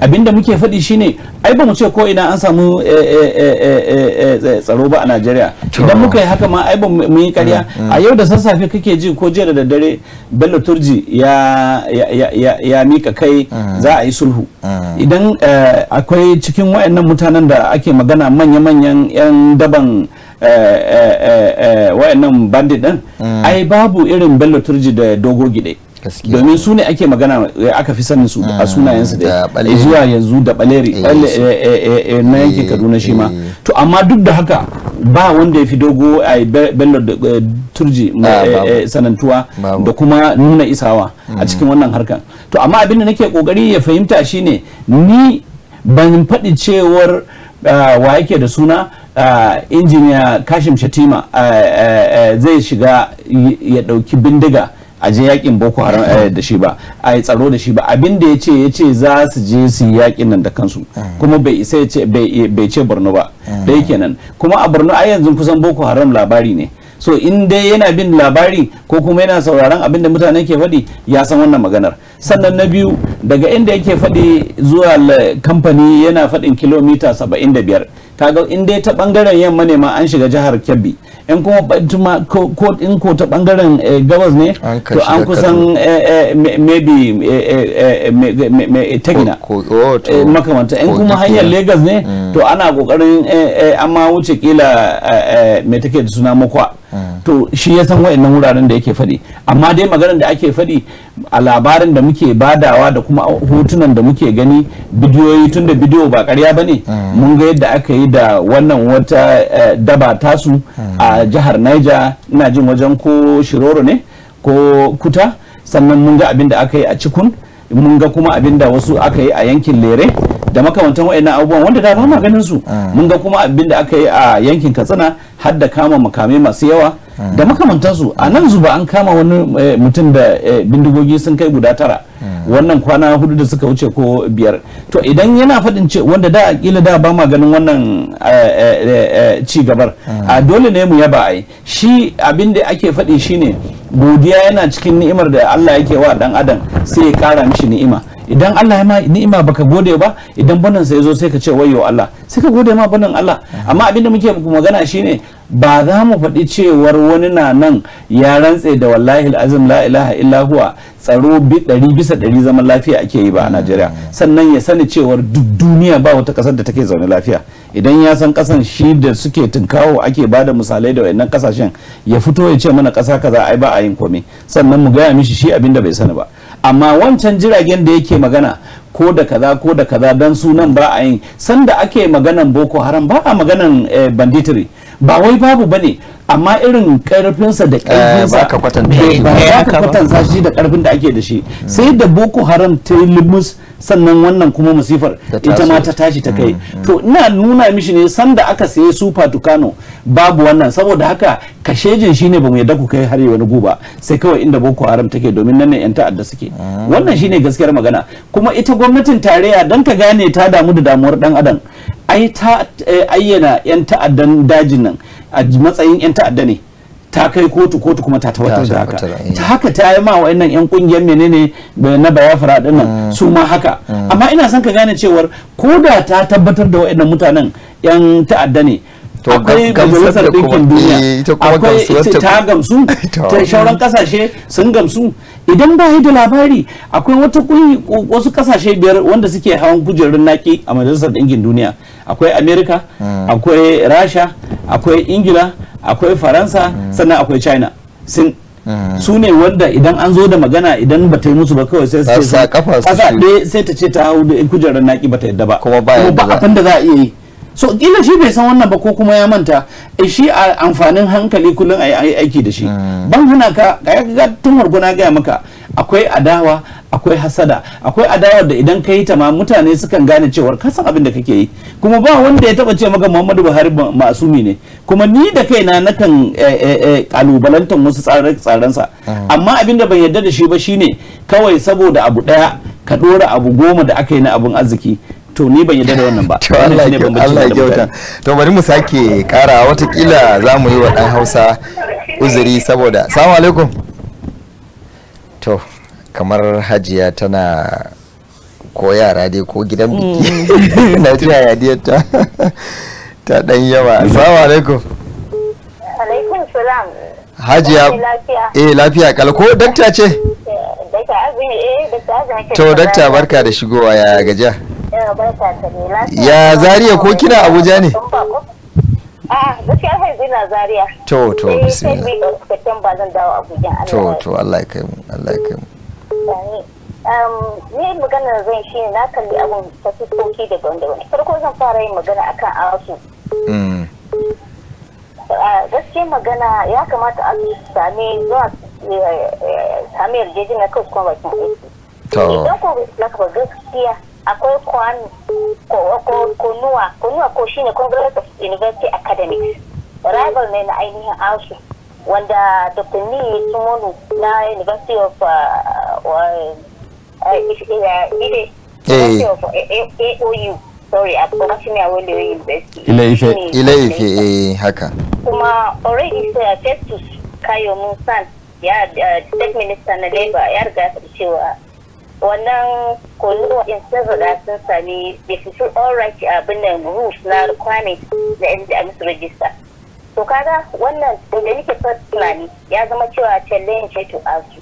abinda muke faɗi shine ai ba mu ce ko ina an samu eh, eh, eh, tsaro ba a Najeriya idan muka yi haka ma ai ba mu yi karya mm, mm. a yau da sassafe kake ji ko jiya da daddare Bello Turji ya ya mika kai mm. za a yi sulhu idan akwai cikin wayannan mutanen da ake magana manya-manyan 'yan daban wayannan bandit din ai babu irin Bello Turji da dogo gide domin su ne ake magana eh, aka fi sanin su a mm, sunayensu da zuwa yanzu da baleri eh, eh, na yankin kaduna shi ma to amma duk da haka ba wanda ya fi dogo a bello da turji ah, sanantuwa da kuma nuna isawa a mm. cikin wannan harkan to amma abin da nake kokari ya fahimta shine ni ban faɗi cewar wa yake da suna injiniya kashim shatima zai shiga ya ɗauki bindiga a je yakin boko haram eh, da shi ba a yi tsaro da shi ba abin da ya ce ya ce za su je su yi yakin nan da kansu mm. kuma bai isa ya ce bai ce borno ba mm. da yake nan kuma a borno ai yanzu kusan boko haram labari ne so in dai yana bin labari ko kuma yana sauraron abin da mutane ke faɗi ya san wannan maganar sannan na biyu daga inda yake faɗi zuwa kamfani yana faɗin kilomita 75 kaga in dai ta bangaren yamma ne ma an shiga jihar kebbi in kuma ko in ko ta bangaren eh, gabas ne to an kusan eh, eh, maybe tegina oh, makamanta in kuma hanyar legas ne mm. to ana kokarin amma wuce kila mai take da suna makwa to shi ya san wa'annan wuraren da yake faɗi amma dai maganar da ake faɗi a labarin da muke badawa da kuma hotunan da muke gani bidiyoyi tun da bidiyo ba karya ba ne mm. mun ga yadda aka yi da wannan wata eh, daba tasu mm. a jihar niger ina jin wajen ko shiroro ne ko kuta sannan mun ga abin da aka yi a cikun mun ga kuma abin da wasu aka yi a yankin lere da makamantan wa'annan abubuwan wanda da ma ganin su mm. mun ga kuma abin da aka yi a yankin katsina har da kama makamai masu yawa da hmm. makamantansu a nan zuba an kama wani eh, mutum da eh, bindigogi sun kai guda tara hmm. wannan kwana hudu da suka wuce ko biyar to idan yana faɗin ce wanda da kila da ba ma ganin wannan eh, ci gabar hmm. a dole ne mu yaba ai shi abin da ake faɗi shine godiya yana cikin ni'imar da Allah yake wa dan adam sai ya kara mishi ni'ima idan Allah ya ma ni'ima baka gode ba idan bannan sai ya zo sai ka ce wayo Allah suka gode ma fannin Allah amma abin da muke magana shine ba za mu faɗi cewar wani na nan ya rantse da wallahi azim la ilaha illa huwa tsaro ɗari bisa ɗari zaman lafiya ake yi ba a Najeriya sannan ya sani cewar duk duniya ba wata ƙasar da take zaune lafiya idan ya san kasan shi da suke tunkawo ake ba da misalai da wayannan kasashen ya fito ya ce mana kasa kaza ai ba a yin komai sannan mu gaya mishi shi abin da bai sani ba amma wancan jiragen da yake magana ko da kaza ko da kaza dan sunan ba a yin sanda ake maganan boko haram ba a maganan eh, banditiri ba wai babu bane amma irin karfinsa da karfinsa eh, ka eh, eh, kwatanta shi da karfin da ake da shi hmm. sai da boko haram ta limus sannan wannan kuma musifar ita ma ta tashi ta kai hmm, hmm. to ina nuna mishi ne sanda aka saye super tukano babu wannan saboda haka kashejin shine bamu yadda ku kai har wani guba sai kawai inda boko haram take domin nan ne yan ta'adda suke wannan shine gaskiyar magana kuma ita gwamnatin tarayya dan ta gane ta damu da damuwar dan adam ai ta ayyana yan ta'addan dajin nan a matsayin 'yan ta'adda ne ta kai kotu kotu kuma ta tabbatar da haka ta eh. haka ta yi ma wa'annan yan kungiyar menene na bayafra din nan mm. su ma haka mm. amma ina son ka gane cewar ko da ta tabbatar da wa'annan mutanen yan ta'adda ne akwai majalisar ɗinkin duniya eh, akwai ta gamsu ta shauran kasashe sun gamsu idan ba da labari akwai wata wasu kasashe biyar wanda suke hawan kujerun naki a majalisar ɗinkin duniya akwai amerika hmm. akwai rasha akwai ingila akwai faransa hmm. sannan akwai china sun hmm. su ne wanda idan an zo da magana idan ba ta yi musu ba kawai sai su ce kasa sai ta ce ta hau da kujerar naki ba ta yadda ba kuma ba abin da za a iya yi so kila shi bai san wannan ba ko kuma ya manta e shi a amfanin hankali kullum a yi aiki da shi hmm. ban hana ka ga ga tun wargo na gaya maka akwai adawa akwai hasada akwai adawa da idan ka ta ma mutane sukan gane cewa ka san abin da kake yi kuma ba wanda ya taba ce maka Muhammadu Buhari masumi ne kuma ni da kaina nakan kalubalantar eh, eh, wasu tsare sa hmm. amma abin da ban yarda da shi ba shine kawai saboda abu daya ka dora abu goma da aka yi na abun arziki to ni ban yadda da wannan ba to Allah ya Allah kyauta to bari mu sake kara watakila za mu yi wa dan Hausa uzuri saboda assalamu alaikum to kamar hajiya tana ko yara dai ko gidan biki mm. na ji hayadiyar ta ta dan yawa assalamu alaikum alaikum salam hajiya eh lafiya kal ko dakta ce eh, eh, eh, to dakta barka da shigowa ya gajiya ya zariya ko kina abuja ne to to to to Allah ya kai mu Allah ya kai mu um, ni magana zan shi na kalli abun ta da wanda wani farko zan fara yin magana akan asu mm. gaske magana ya kamata a sami zuwa eh, eh, sami yarjejin na kai kuma bakin aiki idan ko gaskiya akwai kwanu konuwa konuwa ko shine congress of university academics rival ne na ainihin asu wanda dr ni tumonu na university of uh, uh, uh, eh. eh, eh, aou sorry a kwamfani a wanda university ile ife haka kuma already festus kayo musan ya state minister na labour ya riga cewa wannan kulluwa in sun zaɗa sun sami da su su a abin nan rules na requirement na inda musu register to kaga wannan da nake first tunani ya zama cewa challenge ce to asu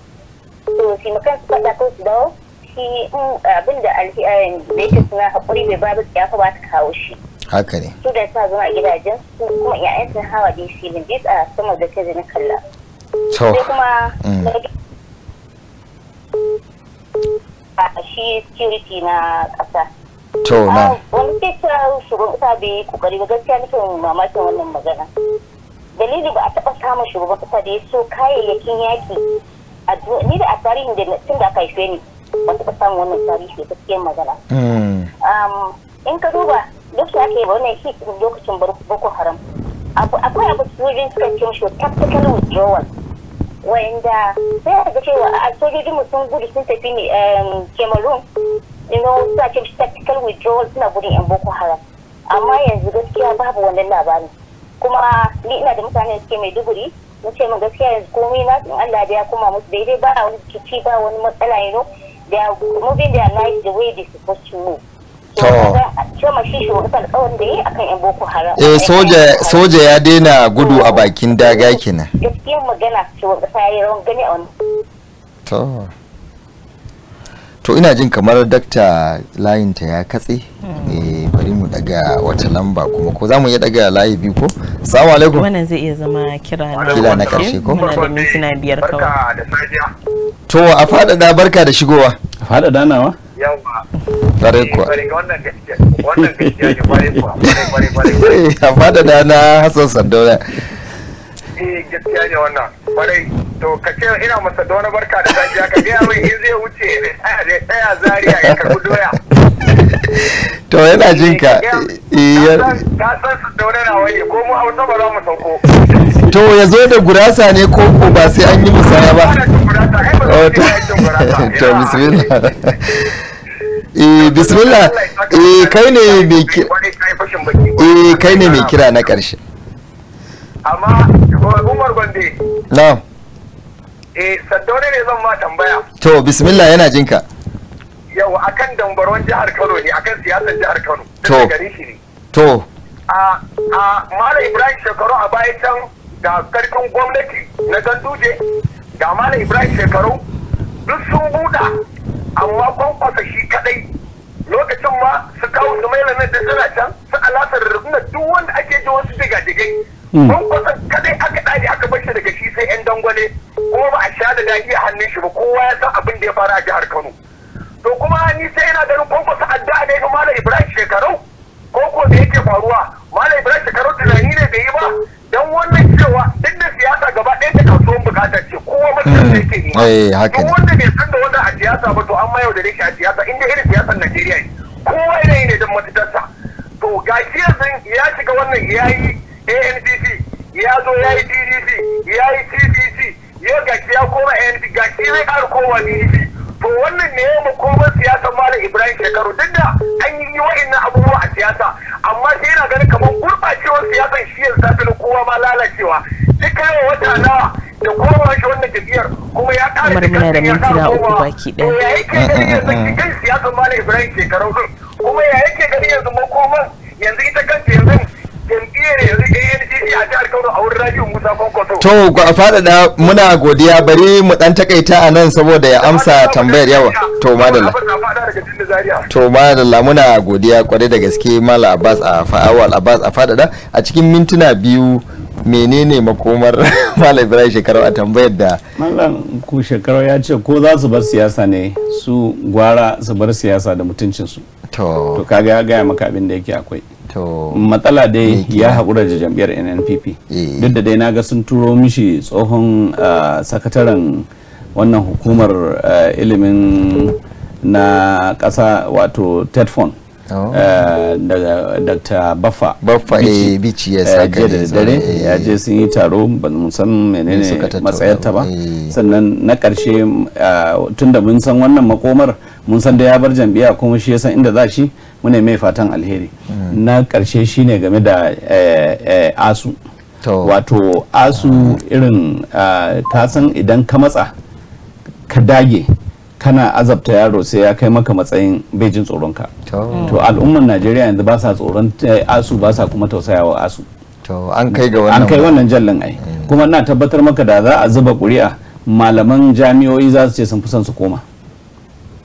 to shi makan su faɗa ko su dawo shi mm, abin da alhiyayen eh, da yake suna haƙuri mai babu ya fa ba ta kawo shi haka ne su da sa zama a gidajen su kuma ya'yan sun hawa dai silin bis a sama da kaji na kalla to kuma mm. shi security na ƙasa. To na. Ah, wani ke cewa shugaban ƙasa bai yi kokari ba gaskiya nake mamakin wannan magana. Dalili ba a taɓa samun shugaban ƙasa da ya so kayayyakin yaƙi ni da a tarihin da tun da aka haife ni ba taɓa samun wannan tarihi gaskiyar magana. Hmm. In ka duba duk da ake ba wannan hit lokacin Boko Haram. Akwai abu sojin suka ce mishi tactical withdrawal. wanda sai ga cewa a sojojin mu sun gudu sun tafi ne Cameroon you know suna ce tactical withdrawal suna gudun yan Boko Haram amma yanzu gaskiya babu wannan labari kuma ni ina da mutane suke Maiduguri na ce min gaskiya yanzu komai na sun Allah da ya koma musu daidai ba wani cuci ba wani matsala you know they are moving their life the way they supposed to move to e soja soja ya daina gudu a bakin daga kina to to ina jin kamar dakta layinta ya katse hmm. eh, bari mu daga wata lamba kuma ko za mu iya daga layi biyu ko salamu alaikum wannan zai iya zama kira na kira na karshe ko muna da mintuna biyar kawai to a faɗaɗa barka da shigowa a faɗaɗa nawa yawa tare eh, kuwa wannan gaskiya ne kuwa a fada da na eh, gaskiya ne wannan to ka ce ina masa da wani barka da ka gaya in zai wuce ne zaria ya doya to yana jin ka eh, ka san su ko mu hausa ba za mu sauko to ya zo da gurasa ne ko ko ba sai an yi musaya ba oh, to bismillah eh bismillah eh kai ne mai eh kai ne mai kira na karshe amma Umar Gombe na'am eh saddaune ne zan ma tambaya to bismillah yana jinka yau akan dambaron jihar Kano ne akan siyasar jihar Kano to to a a Ibrahim shekaru a baya can da karfin gwamnati na Ganduje da Malam Ibrahim shekaru duk sun buɗa amma kwankwasa shi kadai lokacin ma su kawo su mai lanar da suna can su alasar rukuna duk wanda ake ji wasu diga-digai hmm. kwankwasa kadai aka dade aka bar shi daga shi sai yan dangwale ko ba a sha da dagi a hannun shi ba kowa ya san abin da ya fara a jihar kano to kuma ni sai yana ganin kwankwasa addu'a ne ga malam ibrahim shekarau Koko da yake faruwa malam ibrahim shekaru tunani ne bai yi ba dan wannan cewa duk da siyasa gaba ɗaya ta kasuwan bukata ce kowa mutane hmm. yake yake eh, haka ne wanda bai san da wanda a siyasa ba to an yau da shi a siyasa inda irin siyasar najeriya ne kowa yanayi ne don matutarsa to ga shi yanzu ya shiga wannan ya yi ANDC, ya zo ya yi PDP ya yi TDC, ya ga shi ya koma ga shi zai ƙara kowa ne to wannan ne ya makomar siyasa malam ibrahim shekaru duk da an yi wa'annan abubuwa a siyasa amma sai yana ganin kamar gurɓacewar siyasa shi yanzu zafi kowa ma lalacewa duk wa wata nawa da kowa shi wannan tafiyar kuma ya ƙara da kan ya kowa baki ɗaya ya yake gani yanzu kan siyasa malam ibrahim shekaru kuma ya yake ganin yanzu komai? yanzu ita kanta yanzu To a da muna godiya bari mu ɗan takaita a nan saboda ya amsa tambayar yawa. To madalla. To madalla muna godiya kwarai da gaske Mala Abbas a fa'awal Abbas a da a cikin mintuna biyu menene makomar malam ibrahim shekaru a tambayar da malam ku shekaru ya ce ko za su bar siyasa ne su gwara su bar siyasa da mutuncinsu to kaga ya gaya maka abin da yake akwai matsala dai ya haƙura da jam'iyyar nnpp eh. duk da dai naga sun turo mishi tsohon sakataren wannan hukumar ilimin na ƙasa wato tetfon Oh. Eh, dr baffa baffa a bici ya sa da dare eh. ya je sun yi taro ban san menene matsayar ta ba eh. sannan na karshe tunda mun san wannan makomar mun san da ya bar jam'iyya kuma shi ya san inda za shi mune mai fatan alheri hmm. na karshe shine game da asu wato asu irin san idan ka matsa ka dage kana azabta yaro sai ya kai maka matsayin bejin tsoronka to al'ummar najeriya yanzu ba sa tsoron eh, asu ba sa kuma tausaya wa asu To an kai ga wannan an kai wannan jallan ai mm. kuma na tabbatar maka da za a zuba ƙuri'a malaman jami'o'i za su ce sun fi son su koma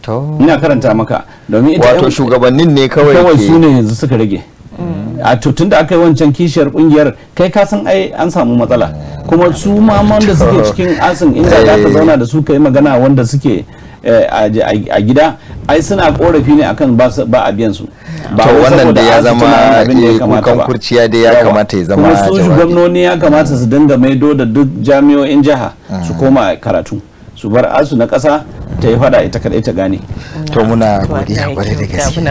To. ina karanta maka domin ita wato shugabannin ne kawai kawai su ne yanzu suka rage mm. a to tunda aka yi wancan kishiyar kungiyar kai ka san ai an samu matsala kuma su ma wanda suke cikin asin inda za ka eh. zauna da su kai magana wanda suke Eh, a gida ai suna korafi ne akan ba a biyan su ba wannan da ya zama kukan kurciya da ya kamata ya zama kuma su gwamnoni ya kamata su dinga maido da duk jami'o'in jiha su mm. koma karatu su bar asu na kasa ta yi fada ita kadai ta gane to muna godiya kwarai da gaske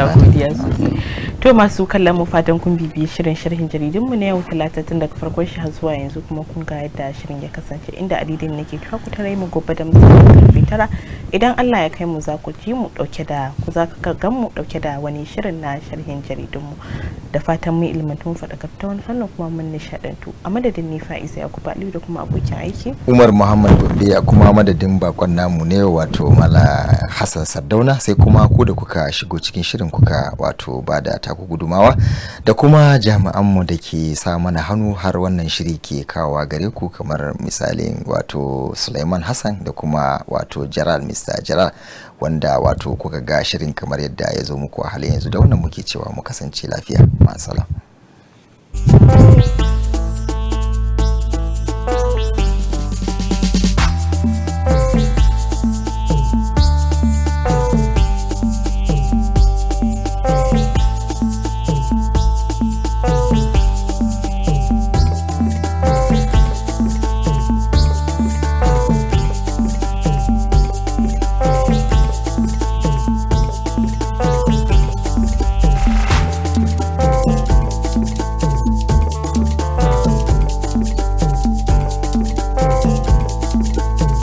to masu kallon mu fatan kun bibiyi shirin sharhin jaridun mu na yau talata tun daga farkon shi har zuwa yanzu kuma kun ga yadda shirin ya kasance inda adidin nake cewa ku tare mu gobe da mu karfe tara idan Allah ya kai mu za ku ji mu dauke da ku za ka gan mu dauke da wani shirin na sharhin jaridun mu da fatan mu ilmantu mu faɗa kafta wani fannin kuma mun nishadantu a madadin ni Fa'iza Yakubu Aliyu da kuma abokin aiki Umar Muhammad Gombe ya kuma madadin bakon namu ne wato Mala Hassan Sardauna sai kuma ku da kuka shigo cikin shirin kuka wato bada taku gudumawa da kuma jami'anmu da ke sa mana hannu har wannan shiri ke kawo gare ku kamar misalin wato Sulaiman Hassan da kuma wato Jaral Mr. Jaral wanda wato kuka ga shirin kamar yadda ya zo muku a halin yanzu da wannan muke cewa mu kasance lafiya. masala.